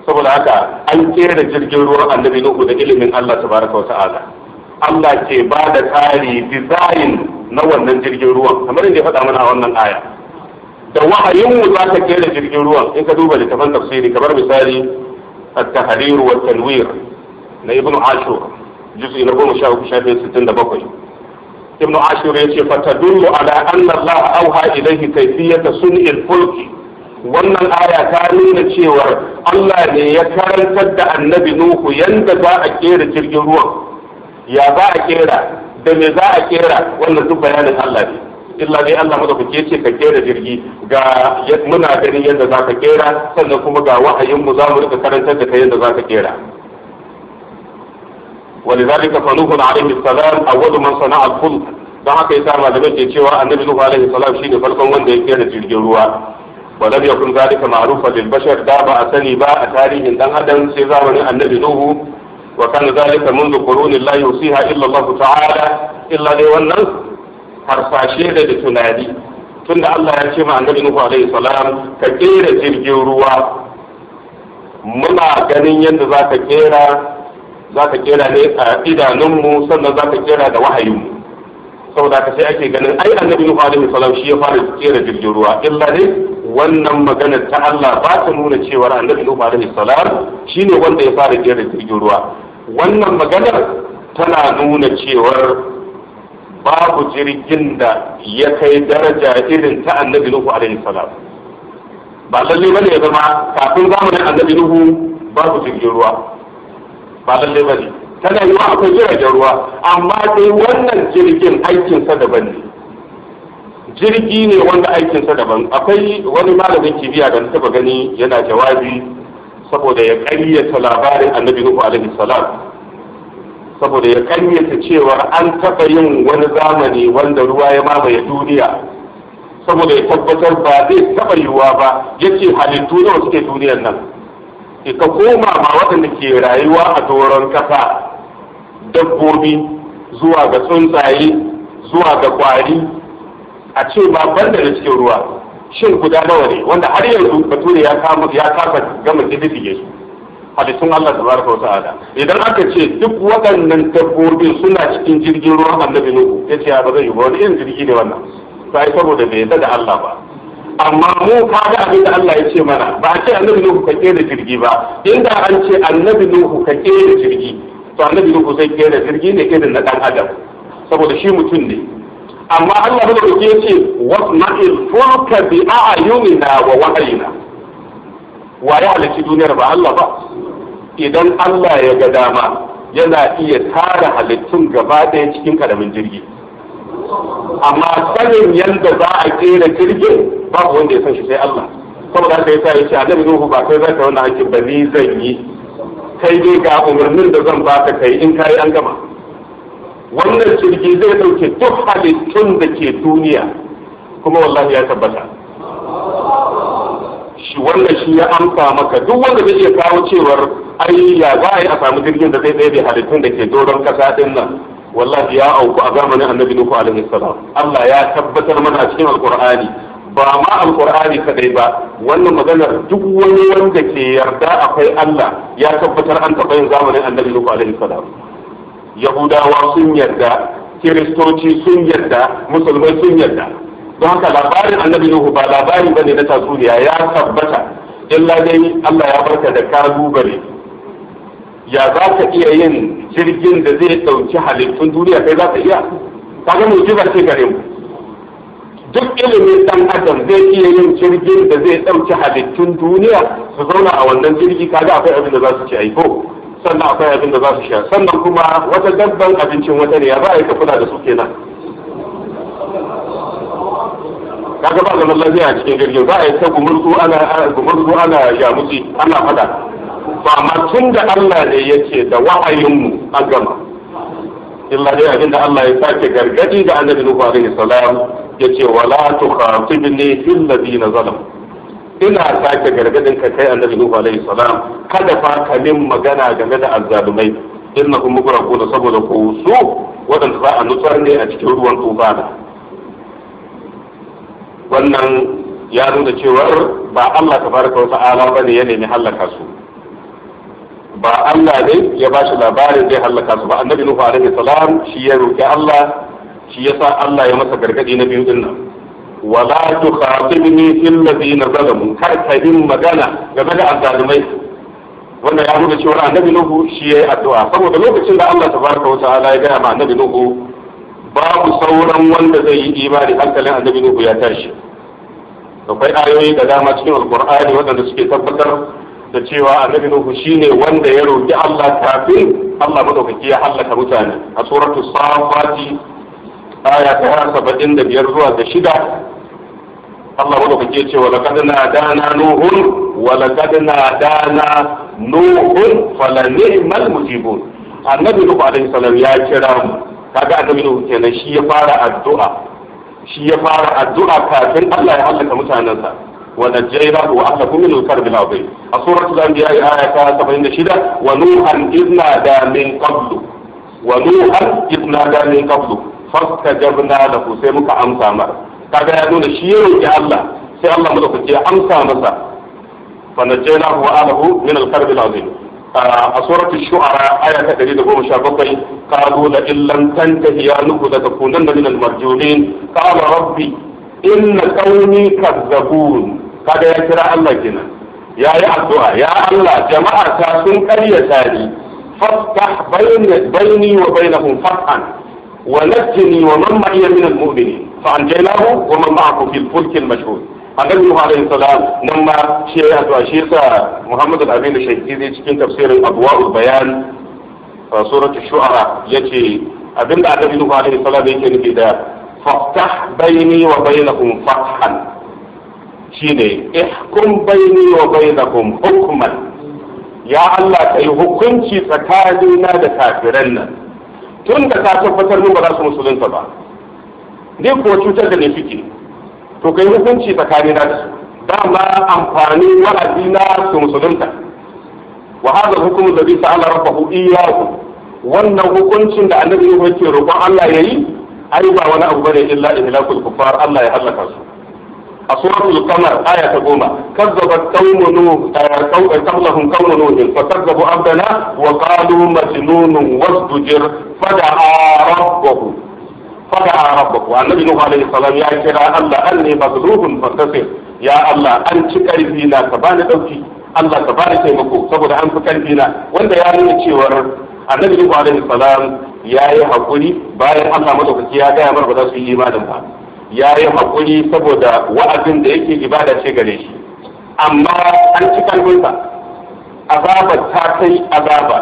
saboda haka an kera jirgin ruwan annabi nuhu da ilimin Allah subhanahu wata'ala Allah ke ba da tsari design na wannan jirgin ruwan kamar inda ya faɗa mana a wannan aya da wahayin mu za ta kera jirgin ruwan in ka duba littafin tafsiri kamar misali at-tahrir wa tanwir na ibnu ashur juz'i na 13 shafi 67 ibnu ashur yace fa tadullu ala anna allah auha ilayhi kayfiyata sun'il fulki wannan aya ta nuna cewa Allah ne ya karantar da annabi Nuhu yanda za a kera jirgin ruwan ya za a kera da me za a kera wannan duk bayanin Allah ne illa dai Allah madaukake ce ka kera jirgi ga muna ganin yadda zaka kera sannan kuma ga wahayin mu zamu rika karantar da kai yadda zaka kera ولذلك فنوح عليه السلام أول من صنع الفلك da haka yasa malamai ke cewa annabi nuhu alaihi salam shine farkon wanda ya kera jirgin ruwa wa lam yakun zalika ma'rufa lil bashar da ba a sani ba a tarihin dan adam sai zamanin annabi nuhu wa kana zalika منذ قرون لا يوصيها الا الله illa dai wannan harfashe da da tunani da Allah ya ce ma annabi Nuhu alaihi salam ka kera jirgin ruwa muna ganin yadda za ka kera za ka kera ne a idanunmu sannan za ka kera da wahayinmu saboda ka sai ake ganin ai annabi Nuhu alaihi salam shi ya fara kera jirgin ruwa illa ne wannan maganar ta Allah ba ta nuna cewa annabi Nuhu alaihi salam shine wanda ya fara kera jirgin ruwa wannan maganar tana nuna cewar babu jirgin da ya kai daraja irin ta annabi nuhu alaihi salam ba lalle bane ya zama kafin zamanin annabi nuhu babu jirgin ruwa ba lalle bane tana yi wa akwai jiragen ruwa amma dai wannan jirgin aikinsa daban ne jirgi ne wanda aikinsa daban akwai wani malamin kimiyya da taba gani yana jawabi saboda ya ƙaryata labarin annabi nuhu alaihi salam saboda ya karyata cewa an taɓa yin wani zamani wanda ruwa ya mamaye duniya saboda ya tabbatar ba zai taɓa yiwuwa ba ya ce halittu nawa suke duniyar nan ka koma ma waɗanda ke rayuwa a doron ƙasa dabbobi zuwa ga tsuntsaye zuwa ga kwari a ce ma banda da cikin ruwa shin guda nawa ne wanda har yanzu bature ya kama ya kafa gama kididdige su halittun Allah da baraka wa ta'ala idan aka ce duk waɗannan dabbobin suna cikin jirgin ruwan annabi nuhu ya ce ba zai yi ba wani irin jirgi ne wannan sai saboda bai yadda da Allah ba amma mu ka ga abin da Allah ya ce mana ba a ce annabi nuhu ka kera jirgi ba inda an ce annabi nuhu ka kera jirgi to annabi nuhu zai kera jirgi ne irin na dan adam saboda shi mutum ne amma Allah da ya ce wasma'il fulka bi a'yunina wa wahayina wa ya halitta duniyar ba Allah ba idan Allah ya ga dama yana iya tara halittun gaba ɗaya cikin karamin jirgi amma sanin yadda za a kera jirgin babu wanda ya san shi sai Allah saboda haka yasa yace annabi Nuhu ba kai zaka wannan hakkin ba ni zan yi kai dai ga umarnin da zan baka kai in kai an gama wannan jirgi zai dauke duk halittun da ke duniya kuma wallahi ya tabbata shi wannan shi ya amsa maka duk wanda zai iya kawo cewar ai ya za a yi a samu jirgin da zai tsaye da halittun da ke doron kasa ɗin nan wallahi ya auku a zamanin annabi nuhu alaihi salam Allah ya tabbatar mana a cikin alqur'ani ba ma alqur'ani kadai ba wannan maganar duk wani wanda ke yarda akwai Allah ya tabbatar an taɓa yin zamanin annabi nuhu alaihi salam yahudawa sun yarda kiristoci sun yarda musulmai sun yarda don haka labarin annabi nuhu ba labari bane na tatsuniya ya tabbata illa dai Allah ya barka da kalubale ya za ka iya yin jirgin da zai ɗauki halittun duniya kai za ka iya ka ga mu'jiza ce gare mu duk ilimin dan adam zai iya yin jirgin da zai ɗauki halittun duniya su zauna a wannan jirgi kaga akwai abin da za su ci aiko sannan akwai abin da za su sha sannan kuma wata dabban abincin wata ne ya za a yi ka da su kenan kaga ba zaman lafiya a cikin jirgin za a yi ta gumurzu ana gumurzu ana yamuci ana fada to amma tun da Allah ne ce da wa'ayinmu a gama illa dai abin da Allah ya sake gargadi da annabi Nuhu alaihi salam yace wala tukhatibni fil ladina zalam ina sake gargadin ka kai annabi Nuhu alaihi salam kada fa ka min magana game da azzalumai innahum mugrafuna saboda ko su waɗanda za a nutsar ne a cikin ruwan tufana wannan ya nuna cewar ba Allah tabaraka wa ta'ala bane ya nemi halaka su ba Allah ne ya ba shi labarin zai halaka su ba annabi nuhu alaihi salam shi ya roki Allah shi ya sa Allah ya masa gargadi na biyu din nan wala tukhatibni fil ladina zalamu kar ka yi magana game da azzalumai wanda ya nuna cewa annabi nuhu shi ya yi addu'a saboda lokacin da Allah tabaraka wa ta'ala ya gaya ma annabi nuhu babu sauran wanda zai yi imani hankalin annabi nuhu ya tashi akwai ayoyi da dama cikin alkur'ani waɗanda suke tabbatar da cewa annabi nuhu shine wanda ya roki Allah kafin Allah madaukaki ya hallaka mutane a suratu safati aya ta 75 zuwa da shida Allah madaukaki ya ce wa laqad nadana nuhun wa laqad nadana nuhun ni'mal mujibun annabi nuhu alaihi salam ya kira mu kaga annabi nuhu kenan shi ya fara addu'a shi ya fara addu'a kafin Allah ya halaka mutanensa wa wa ahlahu min al-karbi al-azim a suratul anbiya aya ta 76 wa nuhan idna da min qablu wa nuhan idna da min qablu fastajabna lahu sai muka amsa mar kaga ya nuna shi ya roki Allah sai Allah ya amsa masa fa wa ahlahu min al-karbi al-azim a suratul shu'ara aya ta 117 qalu la illam tantahi ya nuku daga kunan min al marjulin qala rabbi inna qawmi kazzabun kada ya kira Allah kina yayi addu'a ya Allah jama'a ta sun karyata ni faftah bayni wa bainahum fathan ونجني ومن معي من المؤمنين فأنجيناه ومن معه في الفلك المشهود annabi Nuhu alaihi salam nan ma shi ya to shi yasa Muhammad al-Amin al zai cikin tafsirin Abwaul Bayan suratul Shu'ara yace abinda annabi Nuhu alaihi salam yake nufi da faftah baini wa bainakum fathan shine ihkum baini wa bainakum hukman ya Allah kai hukunci tsakanina da kafiran nan tun da ka tabbatar mun ba za su musulunta ba ne ko cutar da ne fike to kai hukunci tsakani na da su dama amfani wa'azi na su musulunta wa hadha hukmu alladhi sa'ala rabbahu iyyahu wannan hukuncin da annabi ya yake roƙon Allah yayi ai ba wani abu bane illa ihlakul kuffar Allah ya halaka su a suratul qamar aya ta goma kazzabat eh, qaumun nuh qablahum qaumun nuh fakazzabu abdana wa qalu majnunun wasdujir fada'a rabbahu fada rabbaku annabi nuhu alaihi salam ya kira Allah anni maghlubun fantasir ya Allah an ci karfi na ka bani dauki Allah ka bani taimako saboda an fi karfi na wanda ya nuna cewar annabi nuhu alaihi salam ya yi hakuri bayan Allah madaukaki ya gaya mar ba za su yi imanin ba ya yi hakuri saboda wa'azin da yake ibada ce gare shi amma an ci karfinsa azabar ta kai azaba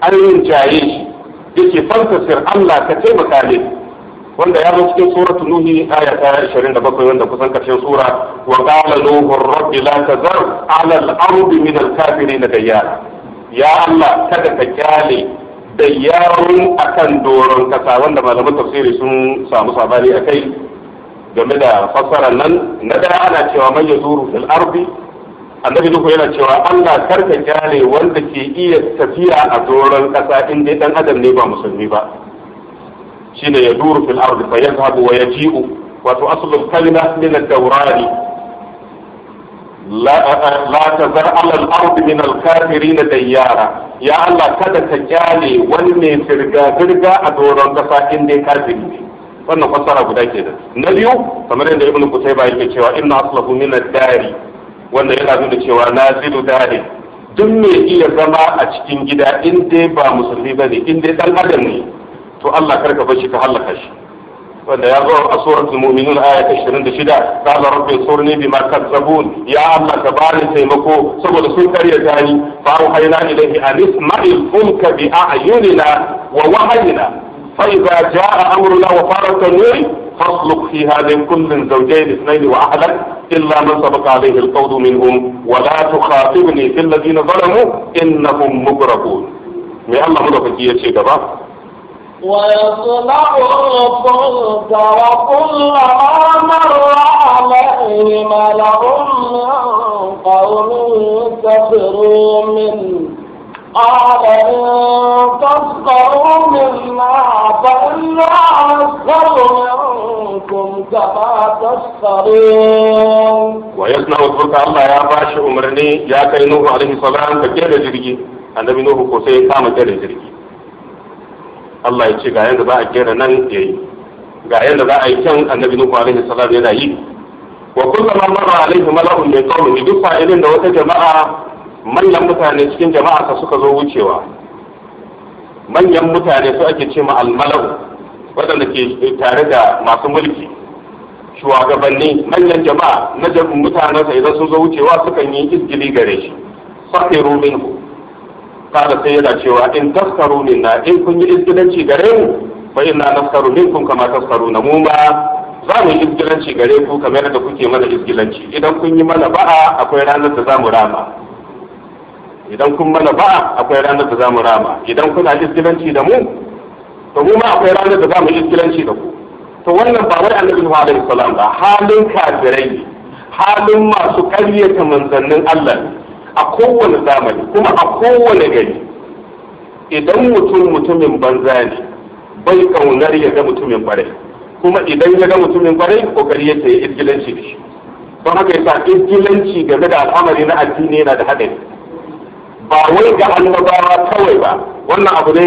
an jaye shi yake fantasir Allah ka taimaka ne wanda ya zo cikin suratu nuhi aya ta 27 wanda kusan karshen sura wa qala nuhu rabbi la tazar ala al ard min al-kafirin dayyara ya Allah kada ka kyale dayyarun akan doron kasa wanda malaman tafsiri sun samu sabani akai game da fasara nan na da ana cewa man yazuru fil ardi annabi duku yana cewa Allah karka kyale wanda ke iya tafiya a doron kasa in dai dan adam ne ba musulmi ba shine ya duru fil ardi fa yadhhabu wa yaji'u wato aslul kalima min ad-dawrani la tazar ala al-ardi min al-kafirin dayyara ya Allah kada ka kyale wani mai firga firga a doron kasa in dai kafiri ne wannan fassara guda ke da na biyu kamar yadda ibnu kutayba yake cewa inna aslahu min ad-dari wanda yana nuna cewa nazilu dari duk mai iya zama a cikin gida in dai ba musulmi bane in dai dan adam ne to Allah karka bar shi ka halaka shi wanda ya zo a suratul mu'minun aya ta 26 qala rabbi surni bima kazzabun ya Allah ka bani taimako saboda sun karyata ni fa auhayna ilayhi an isma'il fulka bi a'yunina wa wahayna فإذا جاء أمرنا وفارت النور فاصلق فيها من كل زوجين اثنين وأحدا إلا من سبق عليه القول منهم ولا تخاطبني في الذين ظلموا إنهم مغرقون. من الله مدفع ويصنع الفلك وكلما مر عليه ملأ من قومه كفروا منه قال إن تسخروا منا فإنا نسخر منكم كما تسخرون ويصنع الفلك الله يا باشا أمرني يا كي نوح عليه السلام فكيف jirgi annabi nuhu ko sai ya kama kare jirgi Allah ya ce ga yadda za a gera nan ya yi ga yadda za a yi can annabi nuhu alaihi salam yana yi wa kullama a alaihi mala'un min qawmi duk fa'ilin da wata jama'a manyan mutane cikin jama'a ka suka zo wucewa manyan mutane su ake ce ma almala'u waɗanda ke tare da masu mulki shugabanni manyan jama'a na mutanen sa idan sun zo wucewa sukan yi izgili gare shi sahiru minhu kada sai yana cewa in taskaru minna in kun yi izgilanci gare mu fa inna naskaru minkum kama na mu ma za mu yi izgilanci gare ku kamar yadda kuke mana izgilanci idan kun yi mana ba'a akwai ranar da za mu rama idan kun mana ba'a akwai ranar da za mu rama idan kuna izgilanci da mu to mu ma akwai ranar da za mu izgilanci da ku to wannan ba wai annabi sallallahu alaihi wasallam ba halin kafirai halin masu ƙaryata manzannin Allah ne a kowane zamani kuma a kowane gari idan mutum mutumin banza ne bai kaunar ya ga mutumin kwarai kuma idan ya ga mutumin kwarai kokari ya ya izgilanci da shi don haka yasa izgilanci game da al'amari na addini yana da haɗari ba wai ga annabawa kawai ba wannan abu ne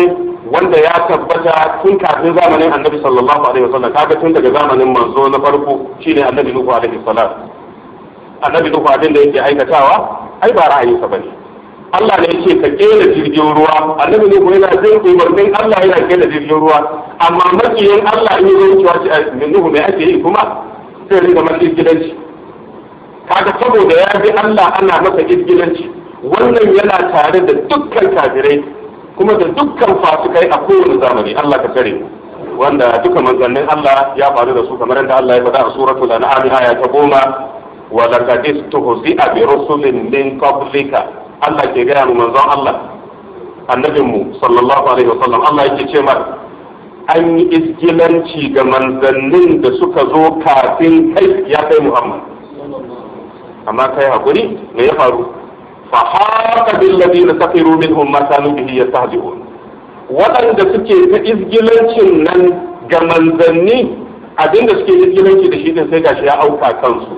wanda ya tabbata tun kafin zamanin annabi sallallahu alaihi wasallam kaga tun daga zamanin manzo na farko shine annabi nuhu alaihi salatu annabi duk abin da yake aikatawa ai ba ra'ayinsa bane Allah ne yake ka kera jirgin ruwa annabi ne kuma yana zai umarnin Allah yana kera jirgin ruwa amma makiyin Allah in yi cewa shi eh, min nuhu mai ake yi kuma sai riga masa gidanci kaga saboda ya bi Allah ana masa gidanci wannan yana tare da dukkan kafirai kuma da dukkan fasikai a kowane zamani Allah ka tare wanda duka manzannin Allah ya faru da su kamar yadda Allah ya faɗa a suratul an'am aya ta goma wa laqad istuhzi'a bi rusulin min qablika Allah ke gaya mu manzon Allah mu sallallahu alaihi sallam Allah yake ce mar an yi isgilanci ga manzannin da suka zo kafin kai ya kai Muhammad amma kai hakuri me ya faru fa haka bil ladina safiru minhum ma kanu bihi yastahzi'un waɗanda suke ta isgilancin nan ga manzanni abinda suke izgilanci da shi din sai gashi ya auka kansu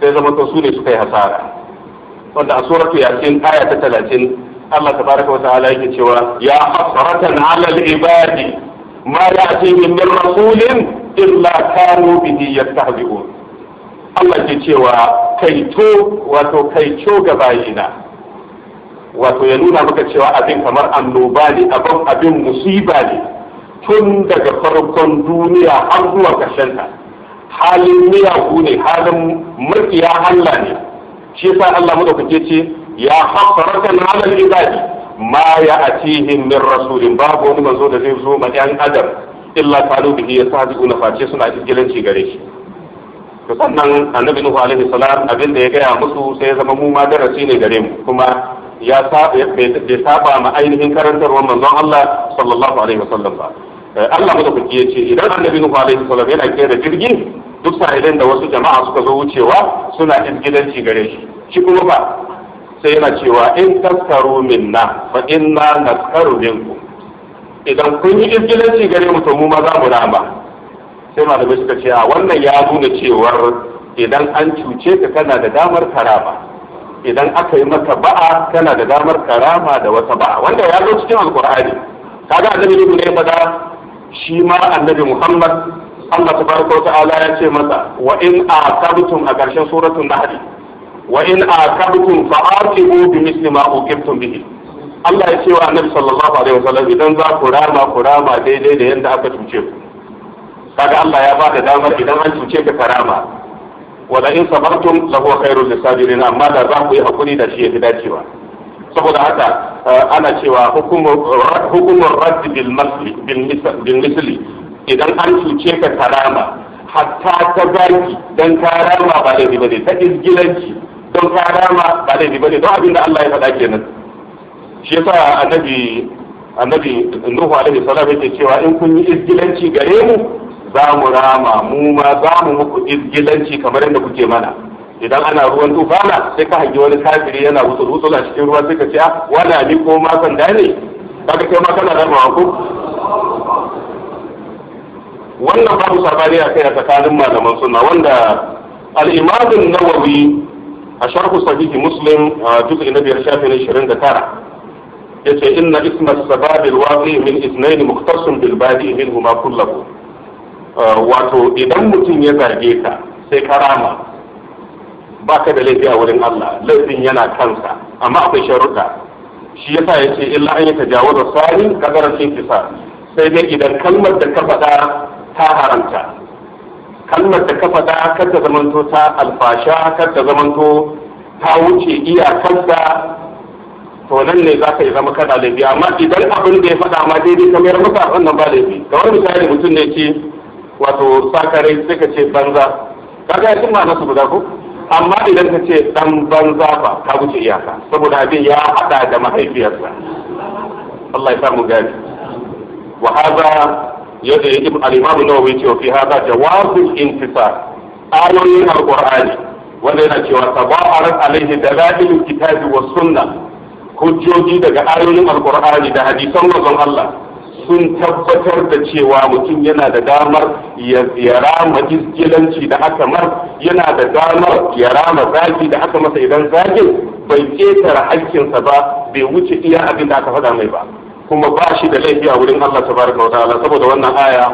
sai zama to su ne suka yi hasara wanda a suratu yasin aya ta talatin Allah tabaraka wa ta'ala yake cewa ya hasratan ala al-ibadi ma ya'tihim min rasulin illa kanu bihi yastahzi'un Allah ke cewa kaito wato kaico ga bayina wato ya nuna maka cewa abin kamar annoba ne abin abin musiba ne tun daga farkon duniya har zuwa ƙarshen ta halin miyagu ne halin makiya Allah ne shi yasa Allah madaukake ce ya hafaraka na halal ibadi ma ya atihim min rasulin babu wani manzo da zai zo ma yan adam illa kalu bihi yasabiquna face suna iskilanci gare shi to sannan annabi nuhu alaihi salam abin da ya gaya musu sai ya zama mu ma darasi ne gare mu kuma ya bai saba ma ainihin karantarwar manzon Allah sallallahu alaihi wasallam ba Allah madaukaki ya ce idan annabi nuhu alaihi salam yana kera jirgi duk sa'ilin da wasu jama'a suka zo wucewa suna gidanci gare shi shi kuma ba sai yana cewa in taskaru minna fa inna naskaru minku idan kun yi gidanci gare mu to mu ma za mu rama sai malamai suka ce a wannan ya nuna cewar idan an cuce ka kana da damar karama idan aka yi maka ba'a kana da damar karama da wata ba'a wanda ya zo cikin alkur'ani kaga annabi ne ya faɗa shi ma annabi muhammad allah tabaraka wa ta'ala ya ce masa wa in aqabtum a ƙarshen suratul nahl wa in aqabtum fa'aqibu bi misli ma uqibtum bihi Allah ya ce wa annabi sallallahu alaihi wasallam idan za ku rama ku rama daidai da yadda aka cuce ku kaga Allah ya ba da damar idan an cuce ka karama wala in sabartum lahu khairul lisabirin amma da za ku yi hakuri da shi ya fi dacewa saboda haka eh, ana cewa hukumar raddi bil misli idan an cuce ka karama hatta ta zaki don karama ba da ba ta izgilanci don karama ba da ba don abin da Allah ya faɗa kenan shi yasa annabi annabi Nuhu alaihi salam yake cewa in kun yi izgilanci gare mu za mu rama mu ma za mu muku izgilanci kamar yadda kuke mana idan ana ruwan tufana sai ka hangi wani kafiri yana wutsul wutsul a cikin ruwa sai ka ce a ah, wani ni ko ma sanda da ne kaga kai ma kana rama ko wannan babu sabani a kai a tsakanin malaman suna, wanda al-imam an-nawawi a sharhu sahih muslim juz'i na biyar shafi na 29 yace inna isma sabab al-waqi min ithnayn mukhtasun bil badi minhuma kullahu uh, wato idan mutum ya zage ka sai karama Ba ka da laifi a wurin Allah laifin yana kansa amma akwai sharuɗa shi yasa ya ce illa an yatajawaza sani kadaran kisa sai dai idan kalmar da ka faɗa ta haramta kalmar da ka faɗa kar ta zamanto ta alfasha kar ta zamanto ta wuce iyakarsa to nan ne za ka yi zama kana laifi amma idan abin da ya faɗa ma daidai ka mayar masa wannan ba laifi kamar misali mutum ne ce wato Sakare sai ka ce banza kaga ya cin ma nasu guda ko amma idan ka ce dan banza ba ka wuce iyaka saboda abin ya hada da mahaifiyarsa Allah ya samu gani wa hadha yadda yake al-imam nawawi ce fi hada jawazul intisar ayoyin al-Qur'ani wanda yana cewa tabarar alaihi dalailul kitabi was sunnah hujjoji daga ayoyin al-Qur'ani da hadisan manzon Allah sun tabbatar da cewa mutum yana da damar ya rama iskilanci da aka mar yana da damar ya rama zaki da aka masa idan zagin bai ƙetare hakkinsa ba bai wuce iya abin da aka faɗa mai ba kuma ba shi da laifi a wurin Allah tabaraka wa ta'ala saboda wannan aya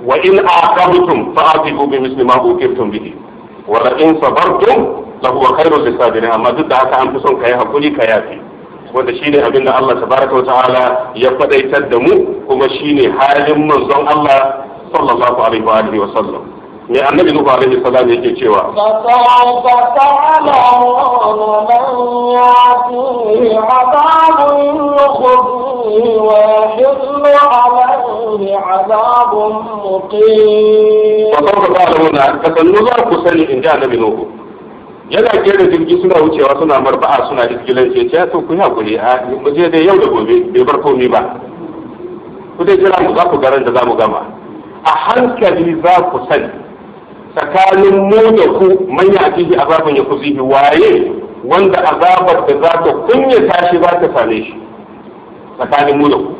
wa in aqabtum fa'aqibu bi misli ma uqibtum bihi wa in sabartum lahu khairul lisabirin amma duk da haka an fi son kai hakuri ka yafi wanda shine abin da Allah tabaraka ta'ala ya faɗaitar da mu kuma shine halin manzon Allah sallallahu alaihi wa alihi wa sallam me annabi nuhu alaihi salam yake cewa fasawfa ta'lamuna kasannu za ku sani in ji annabi yana da jirgi suna wucewa suna marba'a suna isgilanci ce ce ya ku yi hakuri a muje dai yau da gobe bai bar komi ba ku dai jira mu za ku garan da za mu gama a hankali za ku sani tsakanin mu da ku manya a cikin azabin ya ku zihi waye wanda azabar da za ta kunya tashi za ta same shi tsakanin mu da ku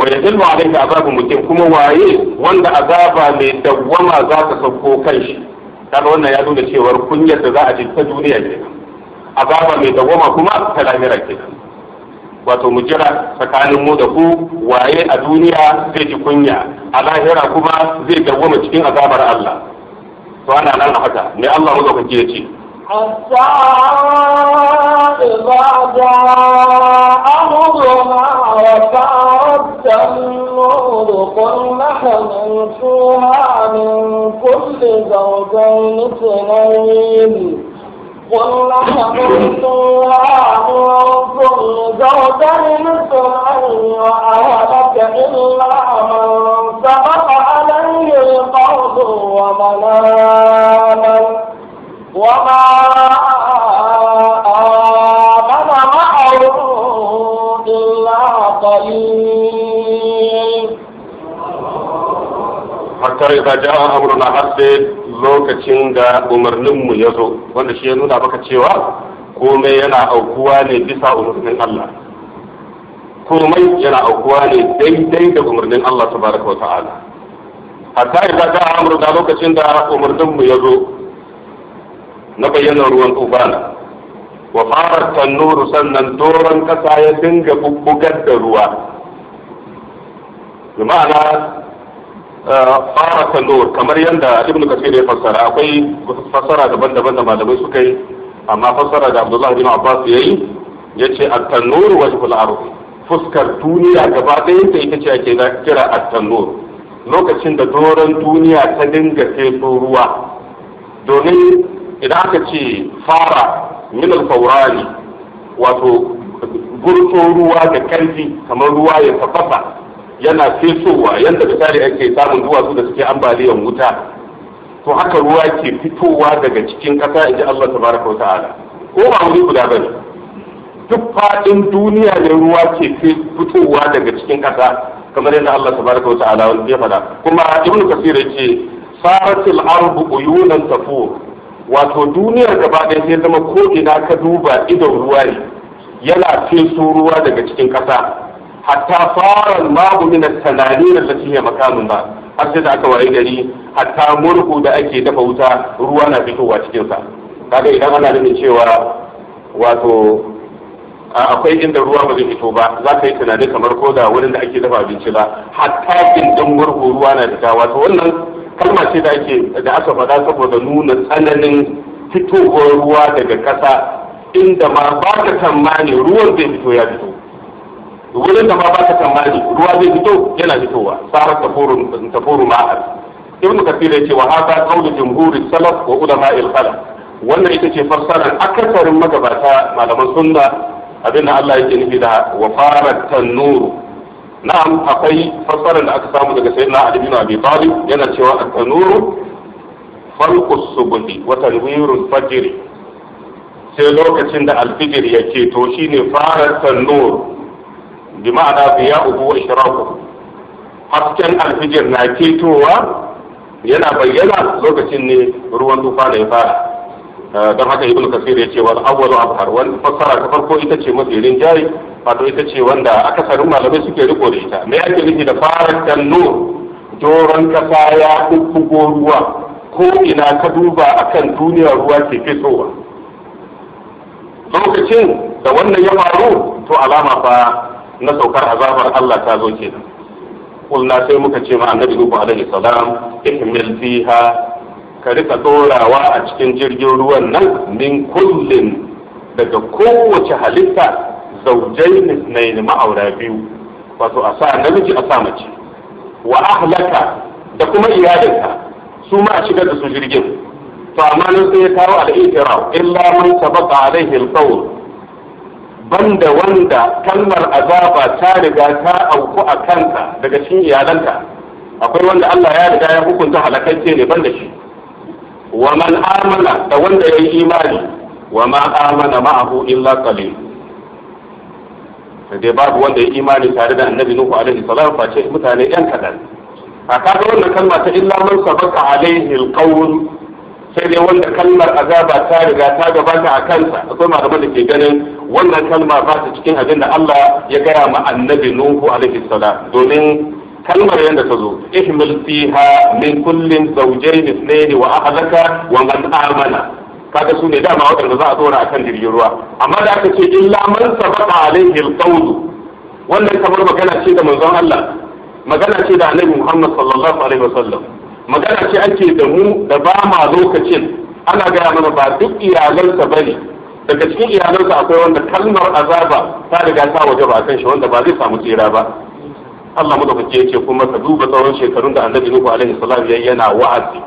wa ya zilma alaika azabin mutum kuma waye wanda azaba mai dawwama za ta sauko kan shi kaga wannan ya nuna cewar kunyar da za a ji ta duniya ke azaba mai dawoma kuma ta lahira ke wato mu jira tsakanin mu da ku waye a duniya zai ji kunya a lahira kuma zai dawama cikin azabar Allah to ana nan haka me Allah mu ya ce حتى إذا جاء وفعت النور قلنا حمل فيها من كل زوجين اثنين قلنا حمل فيها من كل زوجين اثنين وأهلك إلا من سبق عليه القول ومن وما آمن معه إلا قليل hatta idza jaa amruna hadde lokacin da umarnin mu yazo wanda shi ya nuna maka cewa komai yana aukuwa ne bisa umarnin Allah komai yana aukuwa ne daidai da umarnin Allah tabaraka wa ta'ala hatta idza jaa amruna lokacin da umarnin mu yazo na bayyana ruwan tufana wa fara tannuru sannan doron kasa ya dinga bubbugar da ruwa bi ma'ana eh, fara tannur kamar yadda ibnu kasir ya fassara akwai fassara daban-daban da malamai suka yi amma fassara da abdullahi bin abbas ya yi ya ce at-tannur kula aro fuskar duniya gaba ɗayanta ita ce ake kira a tannur lokacin da doron duniya ta dinga feso ruwa domin idan aka ce fara min alfaurani wato gurto ruwa da karfi kamar ruwa ya tafasa yana fesowa yadda misali ake samun duwatsu da suke ambaliyar wuta to haka ruwa ke fitowa daga cikin ƙasa in ji Allah tabaraka wa ta'ala ko ba wuri guda bane duk faɗin duniya ne ruwa ke fitowa daga cikin ƙasa kamar yadda Allah tabaraka wa ta'ala ya faɗa kuma ibnu kasir yake saratil ardu uyunan tafur wato duniyar gaba ɗaya sai zama ko ina ka duba idon ruwa ne yana feso ruwa daga cikin ƙasa hatta fara mabu min tanani da ya makamin ba har sai da aka waye gari hatta murhu da ake dafa wuta ruwa na fitowa cikin sa kaga idan ana nufin cewa wato akwai inda ruwa ba zai fito ba za ka yi tunani kamar ko da wurin da ake dafa abinci ba hatta dan murhu ruwa na fita wato wannan kalma ce da ake da aka faɗa saboda nuna tsananin fitowar ruwa daga ƙasa inda ma ba ka tsammani ruwan zai fito ya fito wurin da ma ba ka tsammani ruwa zai fito yana fitowa sarar taforu ma'ar ibn kafir yace wa hada qawlu jumhuri salaf wa ulama al-khalaf wannan ita ce fassarar akasarin magabata malaman sunna abin da Allah yake nufi da wa fara tannuru. na'am akwai fassarar da aka samu daga sayyidina Ali bin Abi Talib yana cewa at-tanuru falqus subhi wa tanwirul fajr sai lokacin da alfijir ya to shine farar tanur bi ma'ana ubu wa ishraquhu hasken alfijir na ketowa yana bayyana lokacin ne ruwan tufa da ya fara eh, don haka ibnu kasir ya ce wal awwalu abhar wal fassara ta farko ita ce mafi jari. wato ita ce wanda aka sarin malamai suke riko da ita me ake nufi da fara kallo doron kasa ya kukkugo ruwa ko ina ka duba akan duniya ruwa ke fitowa lokacin da wannan ya faru to alama fa na saukar azabar Allah ta zo kenan kulna sai muka ce ma annabi Nuhu alaihi salam ihmil fiha ka rika dorawa a cikin jirgin ruwan nan min kullin daga kowace halitta zaujai ne ma'aura biyu wato a sa namiji a sa mace wa ahlaka da kuma iyalinka su ma a shigar da su jirgin to amma nan sai ya kawo al illa man sabaqa alaihi al-qawl banda wanda kalmar azaba ta riga ta auku a kanka daga cikin iyalanka akwai wanda Allah ya riga ya hukunta halakacce ne banda shi wa man amana da wanda ya yi imani wa ma amana ma'ahu illa qalil da dai babu wanda ya imani tare da annabi nuhu alaihi salam face mutane yan kadan a kaga wannan kalma ta illa man sabaka alaihi alqawl sai dai wanda kalmar azaba ta riga ta gabata a kansa akwai malaman da ke ganin wannan kalma ba ta cikin abin da Allah ya gaya ma annabi nuhu alaihi salam domin kalmar yadda ta zo ihmil fiha min kullin zawjayn ithnayn wa ahlaka wa man amana kaga su ne dama waɗanda za a tsora a kan jirgin ruwa amma da aka ce illa man sabaka alaihi alqawlu wannan kamar magana ce da manzon Allah magana ce da annabi Muhammad sallallahu alaihi wasallam magana ce ake da mu da ba ma lokacin ana gaya mana ba duk iyalansa bane daga cikin iyalansa akwai wanda kalmar azaba ta riga ta waje ba kan shi wanda ba zai samu tsira ba Allah madaukake ya ce kuma ka duba tsawon shekarun da annabi Nuhu alaihi salam yayi yana wa'azi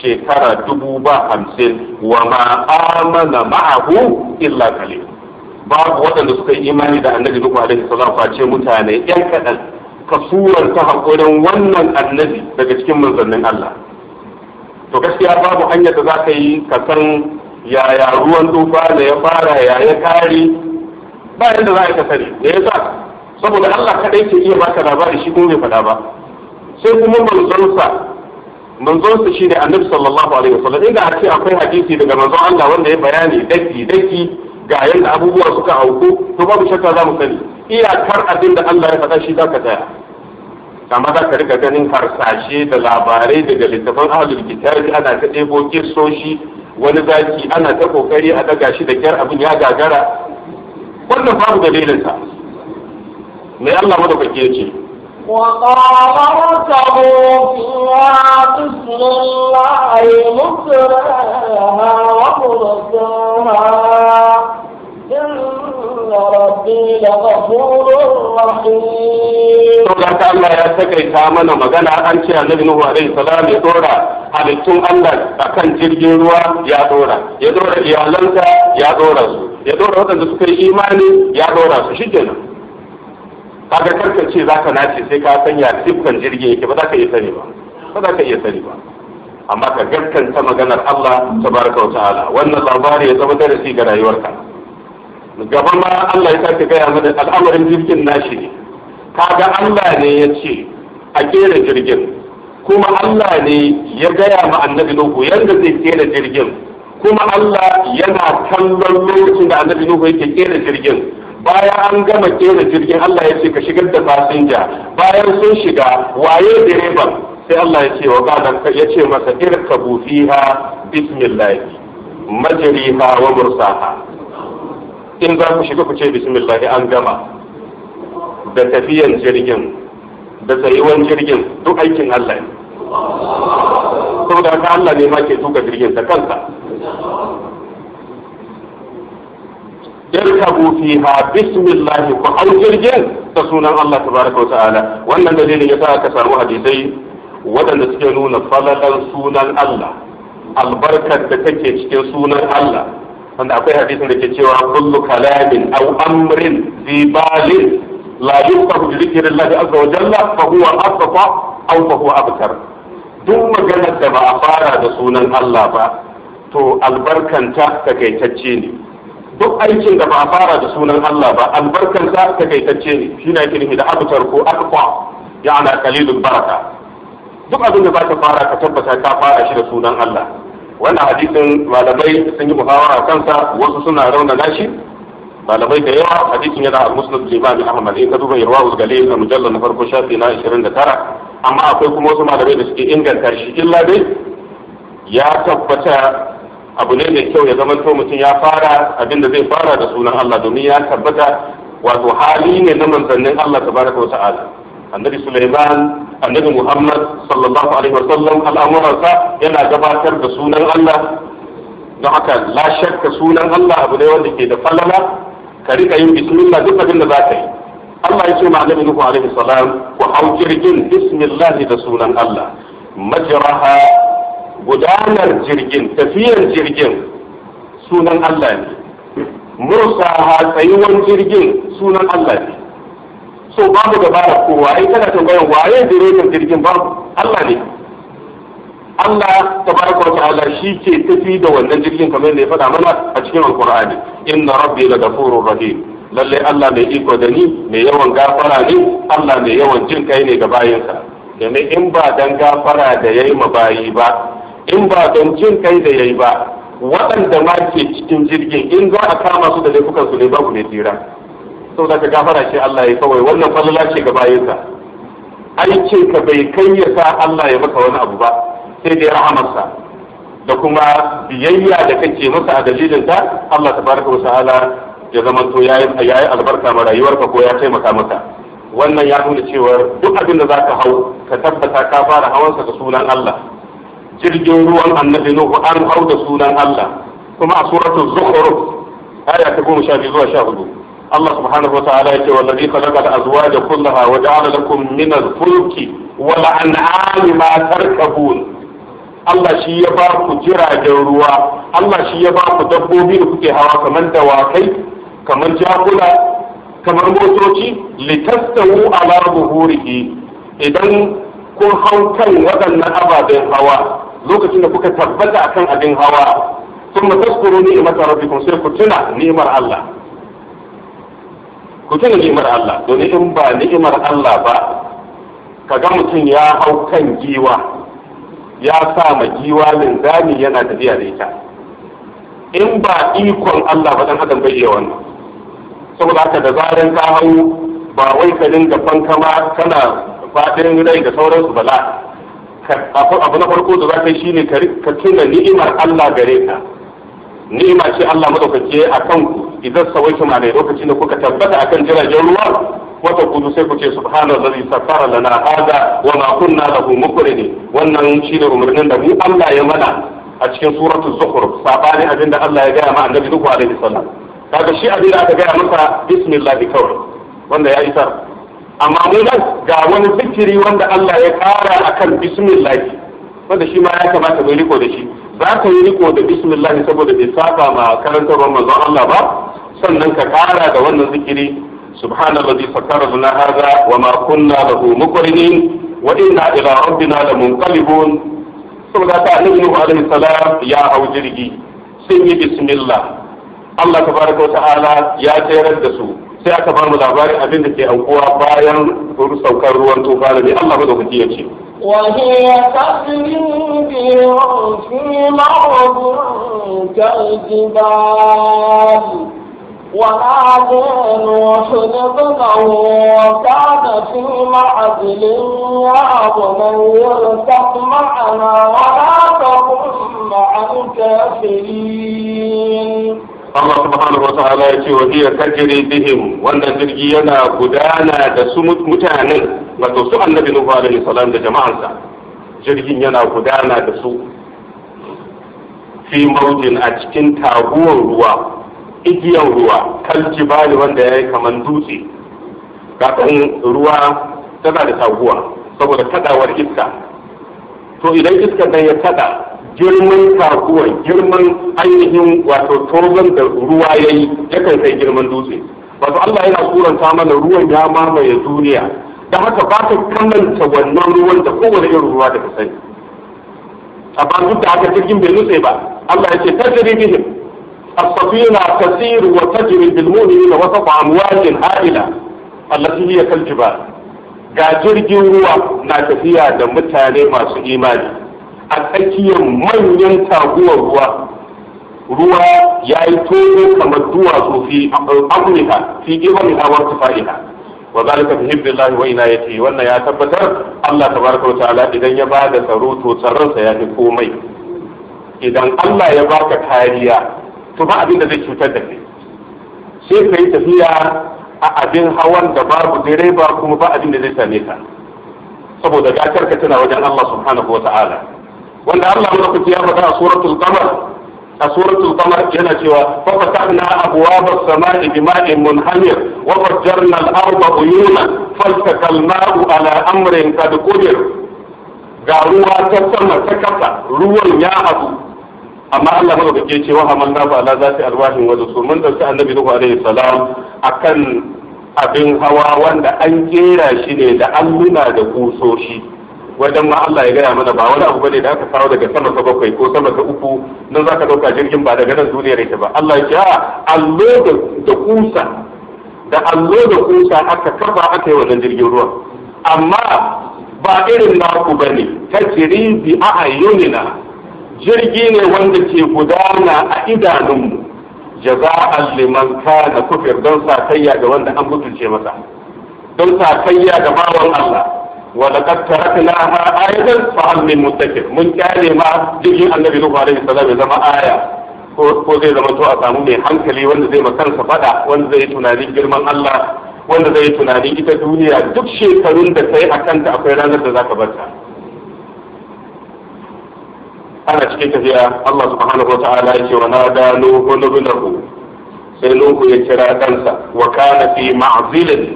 shekara dubu ba hamsin wa ma amana ma'ahu illa kalil babu waɗanda suka yi imani da annabi nuhu alaihi salam face mutane yan kaɗan kasuwar ta haƙurin wannan annabi daga cikin manzannin Allah to gaskiya babu hanyar da zaka yi ka san yaya ruwan tufa da ya fara yaya kare ba yadda za ka sani da ya sa saboda Allah kadai ke iya baka labari shi kuma bai faɗa ba sai kuma manzonsa manzonsa shine annabi sallallahu alaihi wasallam inda a ce akwai hadisi daga manzon Allah wanda ya bayani daki daki ga yadda abubuwa suka auku to babu shakka za mu sani iyakar abin da Allah ya faɗa shi za ka tsaya amma za ka rika ganin harsashe da labarai daga littafan ahlul kitabi ana ta ɗebo kirsoshi wani zaki ana ta kokari a daga shi da kyar abin ya gagara wannan babu dalilinsa mai Allah madaukake ya ce وقال اركبوا فيها بسم الله مجراها ومرساها إن ربي لغفور رحيم saboda Allah ya takaita mana magana an ce annabi Nuhu alaihi salam ya dora halittun Allah akan jirgin ruwa ya dora ya dora iyalansa ya dora su ya dora waɗanda suka yi imani ya dora su shikenan kaga karka ce za ka nace sai ka sanya sifkan jirgin yake ba za ka iya sani ba ba za ka iya sani ba amma ka gaskanta maganar Allah tabaraka wa ta'ala wannan labari ya zama darasi ga rayuwarka gaba ma Allah ya sake gaya mana al'amarin jirgin nashi ne kaga Allah ne ya ce a kera jirgin kuma Allah ne ya gaya ma annabi Nuhu yadda zai kera jirgin kuma Allah yana kallon lokacin da annabi Nuhu yake kera jirgin bayan an gama kera jirgin Allah ya ce ka shigar da fasinja bayan sun shiga waye direban sai Allah ya ce wa gadan ya ce masa irkabu fiha bismillah majriha wa mursaha in za ku shiga ku ce bismillah an gama da tafiyan jirgin da tsayuwan jirgin duk aikin Allah ne saboda ka Allah ne ma ke tuka jirgin ta kanta. irkabu fiha bismillah ku hau jirgin da sunan Allah tabaraka wa ta'ala wannan dalilin yasa aka samu hadisai waɗanda suke nuna falalan sunan Allah albarkar da take cikin sunan Allah wanda akwai hadisin da ke cewa kullu kalamin aw amrin zibalin, la yuqahu bi dhikrillah azza wa jalla fa huwa asfa aw fa huwa abtar duk maganar da ba a fara da sunan Allah ba to albarkanta takaitacce ne duk aikin da ba fara da sunan Allah ba albarkansa ta kaitacce ne shi na yake da abtar ko akwa ya ana kalilun baraka duk abin da za ka fara ka tabbata ka fara shi da sunan Allah wannan hadisin malamai sun yi muhawara kansa wasu suna raunana shi malamai da yawa hadisin yana a musnad limami ahmad in ka duba yarwa gale a mujallar na farko shafi na 29 amma akwai kuma wasu malamai da suke inganta shi illa dai ya tabbata abu ne mai kyau ya zama to mutum ya fara abin da zai fara da sunan Allah domin ya tabbata wato hali ne na manzannin Allah tabaraka wa ta'ala annabi Sulaiman annabi Muhammad sallallahu alaihi wa sallam al'amuransa yana gabatar da sunan Allah don haka la shakka sunan Allah abu ne wanda ke da falala ka rika yin bismillah duk abin da za yi Allah ya ce ma annabi Nuhu alaihi salam ku hau jirgin bismillah da sunan Allah majraha gudanar jirgin tafiyar jirgin sunan Allah ne mursaha tsayuwan jirgin sunan Allah ne so babu dabara ko ai kana tambayar waye direban jirgin babu Allah ne Allah tabaraka wa ta'ala shi ke tafi da wannan jirgin kamar da ya faɗa mana a cikin alkur'ani inna rabbi ghafurur rahim lalle Allah mai iko da ni mai yawan gafara ne Allah mai yawan jin kai ne ga bayinsa domin in ba dan gafara da yayi ma bayi ba in ba don jin kai da yayi ba waɗanda ma ke cikin jirgin in za a kama su da laifukan su ne babu ne tsira saboda ka gafara shi Allah ya kawai wannan falala ce ga bayansa aikin ka bai kai ya sa Allah ya maka wani abu ba sai dai rahamarsa da kuma biyayya da kake masa a dalilin ta Allah tabaraka wa ta'ala ya zamanto ya yayi albarka ma rayuwarka ko ya taimaka maka wannan ya nuna cewa duk abin da ka hau ka tabbata ka fara hawansa da sunan Allah jirgin ruwan annabi nuhu an hau da sunan Allah kuma a suratul zukhruf aya ta goma sha biyu zuwa sha hudu Allah subhanahu wa ta'ala yace wallazi khalaqa al-azwaja kullaha wa ja'ala lakum min al-fulki wal an'ami ma tarkabun Allah shi ya ba ku jiragen ruwa Allah shi ya ba ku dabbobi da kuke hawa kamar dawakai kamar jakuna kamar motoci litastawu ala zuhurihi idan kun hau kan waɗannan ababen hawa lokacin da kuka tabbata akan abin hawa ثم rabbikum sai ku tuna ni'imar Allah ku tuna ni'imar Allah دون in ba ni'imar Allah ba kaga mutum ya hau kan giwa ya sa ma giwa linzami yana tafiya da ita in ba ikon Allah ba dan adam bai iya wannan saboda haka da zaran ka hau ba wai ka dinga fankama kana fadin rai da sauransu bala abu na farko da za ka yi shine ka tuna ni'imar Allah gare ka ni'ima ce Allah madaukake a kanku idan sawaitu ma lokacin da kuka tabbata akan jiragen ruwa wata kudu sai ku ce subhanallazi saffara lana hada wa ma kunna lahu muqrini wannan shine umarnin da mu Allah ya mana a cikin suratul zukhruf sabani abin da Allah ya gaya ma annabi duk alaihi sallam kaga shi abin da aka gaya masa bismillah kawai wanda ya isa amma mu nan ga wani zikiri wanda Allah ya kara akan bismillah wanda shi ma ya kamata mai riko da shi za ka yi riko da bismillah saboda bai saba ma karantarwar manzon Allah ba sannan ka kara da wannan zikiri subhanallazi sakkara lana hadha wa ma kunna lahu muqrinin wa inna ila rabbina lamunqalibun saboda ta annabi Nuhu alaihi salam ya hau jirgi sun yi bismillah Allah tabaraka wa ta'ala ya tsayar da su sai aka ba mu labarin abin da ke aukuwa bayan saukar ruwan tufa da Allah madaukaki ya ce وهي تجري بهم في مرض كالجبال ونادى نوح ابنه وكان في معزل يا بني اركب معنا ولا تكن مع الكافرين Allah subhanahu wa ta'ala ya ce wa hiya tajri bihim wannan jirgi yana gudana da su mutanen wato su annabi nuhu alaihi salam da jama'arsa jirgin yana gudana da su fi mawjin a cikin taguwar ruwa igiyar ruwa kalci bali wanda ya yi kaman dutse kafin ruwa tana da taguwa saboda kadawar iska to idan iska dan ya kada girman kakuwar girman ainihin wato tozon da ruwa ya yi yakan kai girman dutse wato Allah yana suranta mana ruwan ya mamaye duniya da haka ba ta kamanta wannan ruwan da kowane irin ruwa da ka sani ba duk da haka jirgin bai nutse ba Allah ya ce tajri bihim as-safina tasiru wa tajri bil mu'minina wa taqa amwajin hadila allati hiya kal jibal ga jirgin ruwa na tafiya da mutane masu imani a tsakiyar manyan taguwar ruwa ruwa ya yi tono kamar duwatsu fi eh, amurka fi ibamiha wa tufa'iha wa zalika fi lahi wa ina ce wannan ya tabbatar Allah tabaraka wa ta'ala idan ya ba da tsaro to tsaronsa ya fi komai idan Allah ya baka kariya to ba abin da zai cutar da kai sai ka yi tafiya a abin hawan da babu direba kuma ba abin da zai same ka saboda gatar ka tana wajen Allah subhanahu wa ta'ala wanda Allah madaukaki ya faɗa a suratul qamar a suratul qamar yana cewa fa fatahna abwaaba as-samaa'i bima'in munhamir wa fajjarna al-arda uyuna faltaqal ma'u ala amrin qad qudir ga ruwa ta sama ta kasa ruwan ya abu amma Allah ya ce wa hamalna ba la zati arwahin wa dusur mun dauki annabi nuhu alaihi salam akan abin hawa wanda an kera shi ne da alluna da kusoshi wajen ma Allah ya gaya mana ba wani abu bane da aka kawo daga sama ta bakwai ko sama ta uku nan zaka dauka jirgin ba daga nan duniyar ita ba Allah ya ce allo da kusa da allo da kusa aka kafa aka yi wannan jirgin ruwa amma ba irin naku bane tajri bi a'yunina jirgi ne wanda ke gudana a idanunmu jaza'an liman kana kufir don sakayya ga wanda an mutunce masa don sakayya ga bawan Allah wa laqad taraknaha ayatan fa hal min muttaqin mun kyale ma jirgin annabi nuhu alaihi ya zama aya ko zai zama to a samu mai hankali wanda zai makansa fada wanda zai tunanin girman Allah wanda zai tunanin ita duniya duk shekarun da kai a kanta akwai ranar da zaka barta ana cikin tafiya Allah subhanahu wa ta'ala ya ce wa nada nuhu nubnahu sai nuhu ya kira kansa wa kana fi ma'zilin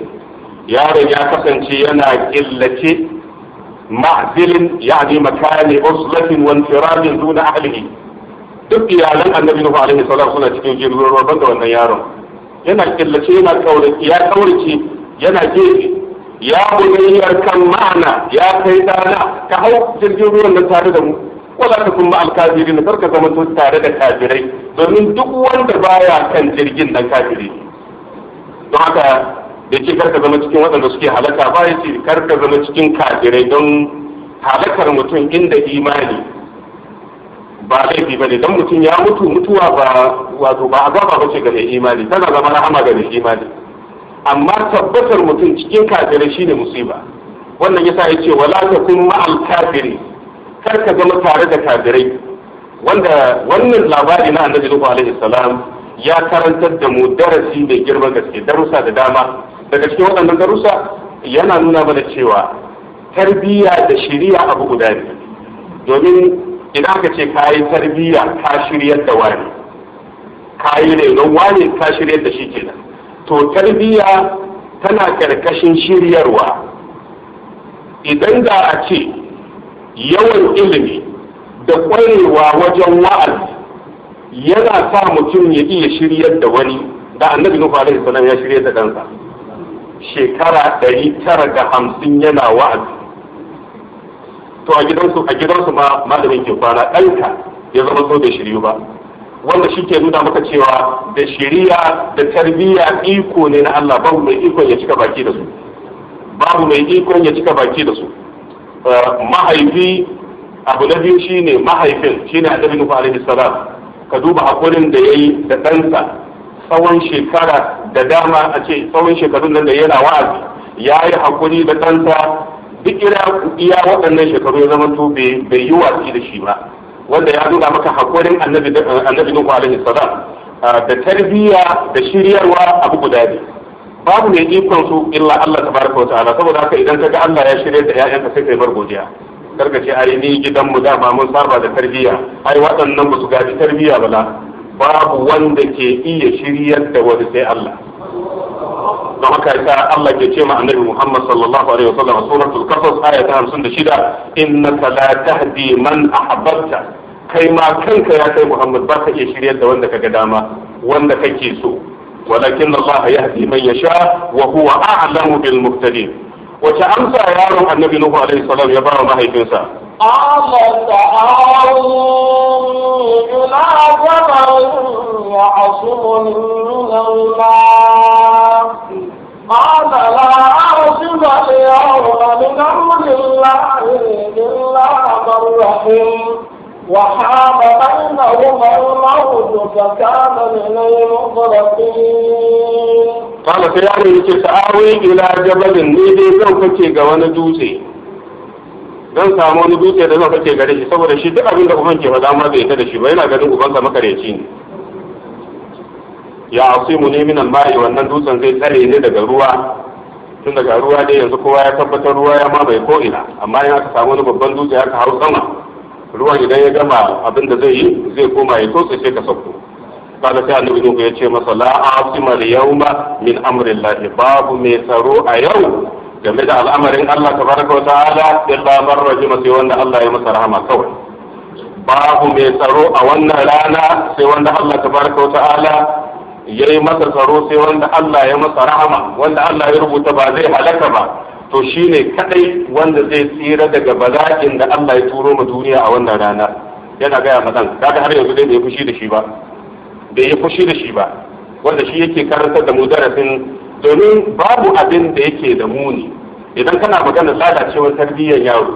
yaron ya kasance yana killace ma'zilin ne makani uslatin wa infiradin duna ahlihi duk iyalan annabi nuhu alaihi salam suna cikin jirgin ruwa banda wannan yaron yana killace yana kaurace ya kaurace yana gefe ya bunayyar kan ma'ana ya kai dana ka hau jirgin ruwan nan tare da mu wala ta kuma alkafirin kar ka zama tare da kafirai domin duk wanda baya kan jirgin nan kafiri don haka da ke karka zama cikin waɗanda suke halaka ba ya ce karka zama cikin kafirai don halakar mutum inda imani ba laifi ba ne don mutum ya mutu mutuwa ba wato ba azaba ba ce ga mai imani tana zama rahama ga mai imani amma tabbatar mutum cikin kafirai shine musiba wannan yasa ya ce wala takun ma'al kafiri karka zama tare da kafirai wanda wannan labari na annabi Nuhu alaihi salam ya karantar da mu darasi mai girman gaske darussa da dama daga cikin waɗannan darussa yana nuna mana cewa tarbiyya da shirya abu guda ne domin idan aka ce ka yi tarbiyya ka shiryar da wani ka yi don wani ka shiryar da shi kenan to tarbiyya tana karkashin shiryarwa idan za a ce yawan ilimi da ƙwarewa wajen wa'azi yana sa mutum ya iya shiryar da wani da annabi nufa alaihi salam ya shiryar da kansa shekara ɗari tara da hamsin yana wa'azi to a gidansu a gidansu ma malamin ke kwana ɗanka ya zama so da shiryu ba wanda shi ke nuna maka cewa da shiriya da tarbiyya iko ne na Allah babu mai ikon ya cika baki da su babu mai ikon ya cika baki da su eh, mahaifi abu na biyu shine mahaifin shine annabi nuhu alaihi salam ka duba hakurin da yayi da ɗansa tsawon shekara da dama a ce tsawon shekarun nan da yana wa'azi ya yi hakuri da ɗansa duk iya waɗannan shekaru ya zama to bai yi watsi da shi ba wanda ya nuna maka hakurin annabi nuhu alaihi salam da tarbiyya da shiryarwa abu guda ne babu mai ikon su illa Allah tabaraka wa ta'ala saboda haka idan kaga Allah ya shirya da 'ya'yanka sai kai bar godiya karka ce ai ni gidan mu dama mun saba da tarbiyya ai waɗannan ba su gaji tarbiyya ba la babu wanda ke iya shiryar da wani sai Allah don haka yasa Allah ke ce ma annabi Muhammad sallallahu alaihi wasallam suratul qasas aya ta 56 innaka la tahdi man ahbabta kai ma kanka ya kai Muhammad ba ka iya shiryar da wanda kaga dama wanda kake so walakin Allah yahdi man yasha wa huwa a'lamu bil muhtadin wace amsa yaron annabi Nuhu alaihi salam ya ba mahaifinsa قال سآوي إلى جبل يعصمني من الماء قال لا أعصم اليوم من أمر الله إلا من رحم وحام بينهما الموت فكان من المغرقين قال في يعني سآوي إلى جبل نيدي زوجتي قوانا دوسي don samu wani dutse da zuwa ke gare shi saboda shi duk abin da uban ke faɗa zai ta da shi ba yana ganin ubansa makareci ne ya asimu ne min almai wannan dutsen zai tsare ne daga ruwa tun daga ruwa dai yanzu kowa ya tabbatar ruwa ya ma bai ko ina amma in aka samu wani babban dutse aka hau sama ruwan idan ya gama abin da zai yi zai koma ya tosa sai ka sauko kada sai annabi nuhu ya ce masa la asima al yawma min amri babu mai tsaro a yau game da al'amarin Allah ta wa ta'ala illa man rajima sai wanda Allah ya masa rahama kawai babu mai tsaro a wannan rana sai wanda Allah tabaraka wa ta'ala ya yi masa tsaro sai wanda Allah ya masa rahama wanda Allah ya rubuta ba zai halaka ba to shine kadai wanda zai tsira daga bala'in da Allah ya turo ma duniya a wannan rana yana gaya ma dan kaga har yanzu dai bai fushi da shi ba bai yi fushi da shi ba wanda shi yake karantar da mu darasin domin babu abin da yake da muni idan kana magana lalacewar tarbiyyar yaro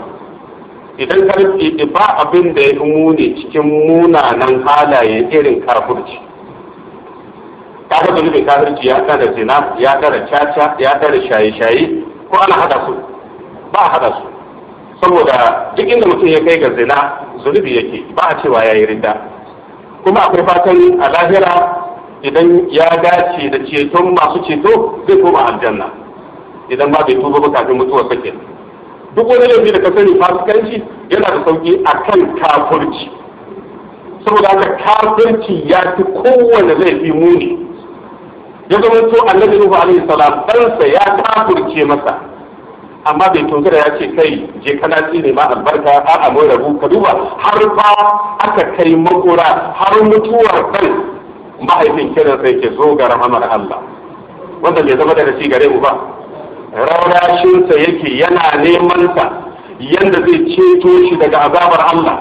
idan karfi ba abin da ya muni cikin munanan halaye irin kafurci ga dalilin kafirci ya kada zina ya kada caca ya kada shaye-shaye ko ana hada su ba hada su saboda duk inda mutum ya kai ga zina zunubi yake ba a cewa ya yi rinda kuma akwai fatan a lahira idan ya dace da ceton masu ceto zai koma aljanna idan ba bai tuba ba kafin mutuwar sake duk wani laifi da ka sani fasikanci yana da a kan kafurci saboda haka kafurci ya fi kowane laifi muni ya zama to annabi nuhu alaihi salam ɗansa ya kafirce masa amma bai tunkara ya ce kai je kana tsine ma albarka a a ka duba har ba aka kai makura har mutuwar kai mahaifin kiran sai ke zo ga rahamar Allah wanda bai zama da ci gare mu ba rarashinsa yake yana neman ta yanda zai ceto shi daga azabar Allah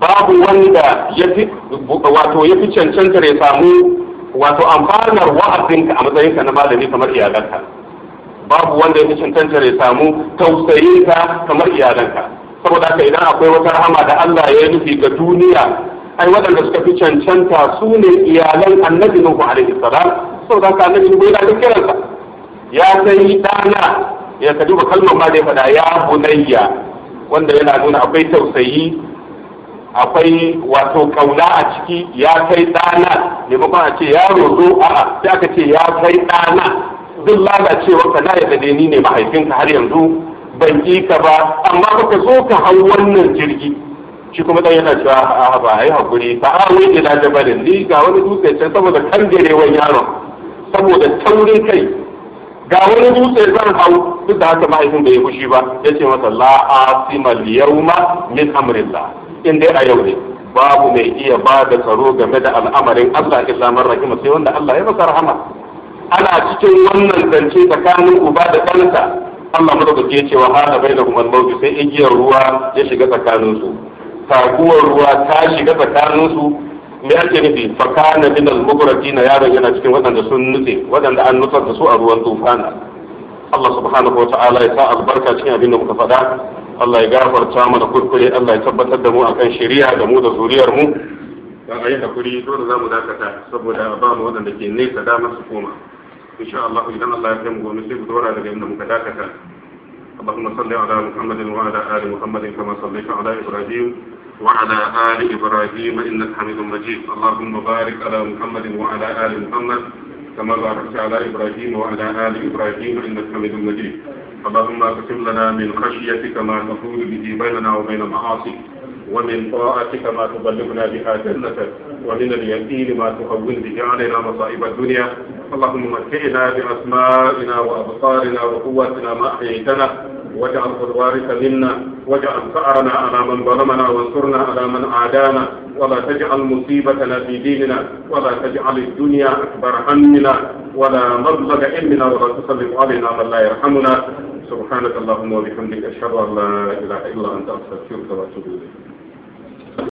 babu wanda fi wato fi cancanta ya samu wato amfanar wa'azinka a matsayinka na malami kamar iyalanka babu wanda ya fi cancanta ya samu tausayinka kamar iyalanka saboda haka idan akwai wata rahama da Allah ya nufi ga duniya ai waɗanda suka fi cancanta su ne iyalan annabi nuhu alaihi salam da ka annabi nuhu yana da kiransa ya sai dana ya ka duba kalmar ma da ya faɗa ya bunayya wanda yana nuna akwai tausayi akwai wato kauna a ciki ya kai ɗana ba a ce yaro zo a'a sai aka ce ya kai ɗana duk lalacewa ka na ya ni ne mahaifinka har yanzu ban ƙi ka ba amma baka zo ka hau wannan jirgi shi kuma dan yana cewa a ba ai hakuri fa wai ila jabalin li ga wani dutse can saboda kangarewan yaro saboda taurin kai ga wani dutse zan hau duk da haka mahaifin bai fushi ba yace masa la asima al-yawma min amrillah in dai a yau ne babu mai iya ba da tsaro game da al'amarin Allah illa man rahima sai wanda Allah ya masa rahama ana cikin wannan zance tsakanin uba da ɗansa Allah madaukake cewa hada da kuma mawt sai igiyar ruwa ya shiga tsakaninsu taguwar ruwa ta shiga tsakaninsu me ake nufi fakana min al-mugrati na yaron yana cikin waɗanda sun nutse waɗanda an nutsar da su a ruwan tufana Allah subhanahu wa ta'ala ya sa albarka cikin abin da muka faɗa Allah ya gafarta mana kuskure Allah ya tabbatar da mu akan shari'a da mu da zuriyar mu dan ayi hakuri dole za mu dakata saboda ba mu waɗanda ke nesa damar su koma insha Allah idan Allah ya kai mu gobe sai mu dora daga inda muka dakata اللهم صل على محمد وعلى آل محمد كما صليت على إبراهيم وعلى آل إبراهيم إنك حميد مجيد اللهم بارك على محمد وعلى آل محمد كما باركت على إبراهيم وعلى آل إبراهيم إنك حميد مجيد اللهم اقسم لنا من خشيتك ما تقول به بيننا وبين معاصيك ومن طاعتك ما تبلغنا بها جنتك ومن اليقين ما تهون به علينا مصائب الدنيا اللهم متعنا بأسمائنا وأبصارنا وقوتنا ما أحييتنا واجعله الوارث منا واجعل ثأرنا على من ظلمنا وانصرنا على من عادانا ولا تجعل مصيبتنا في ديننا ولا تجعل الدنيا أكبر همنا ولا مبلغ علمنا ولا تسلط علينا من لا يرحمنا سبحانك اللهم وبحمدك أشهد أن لا إله إلا أنت أستغفرك وأتوب إليك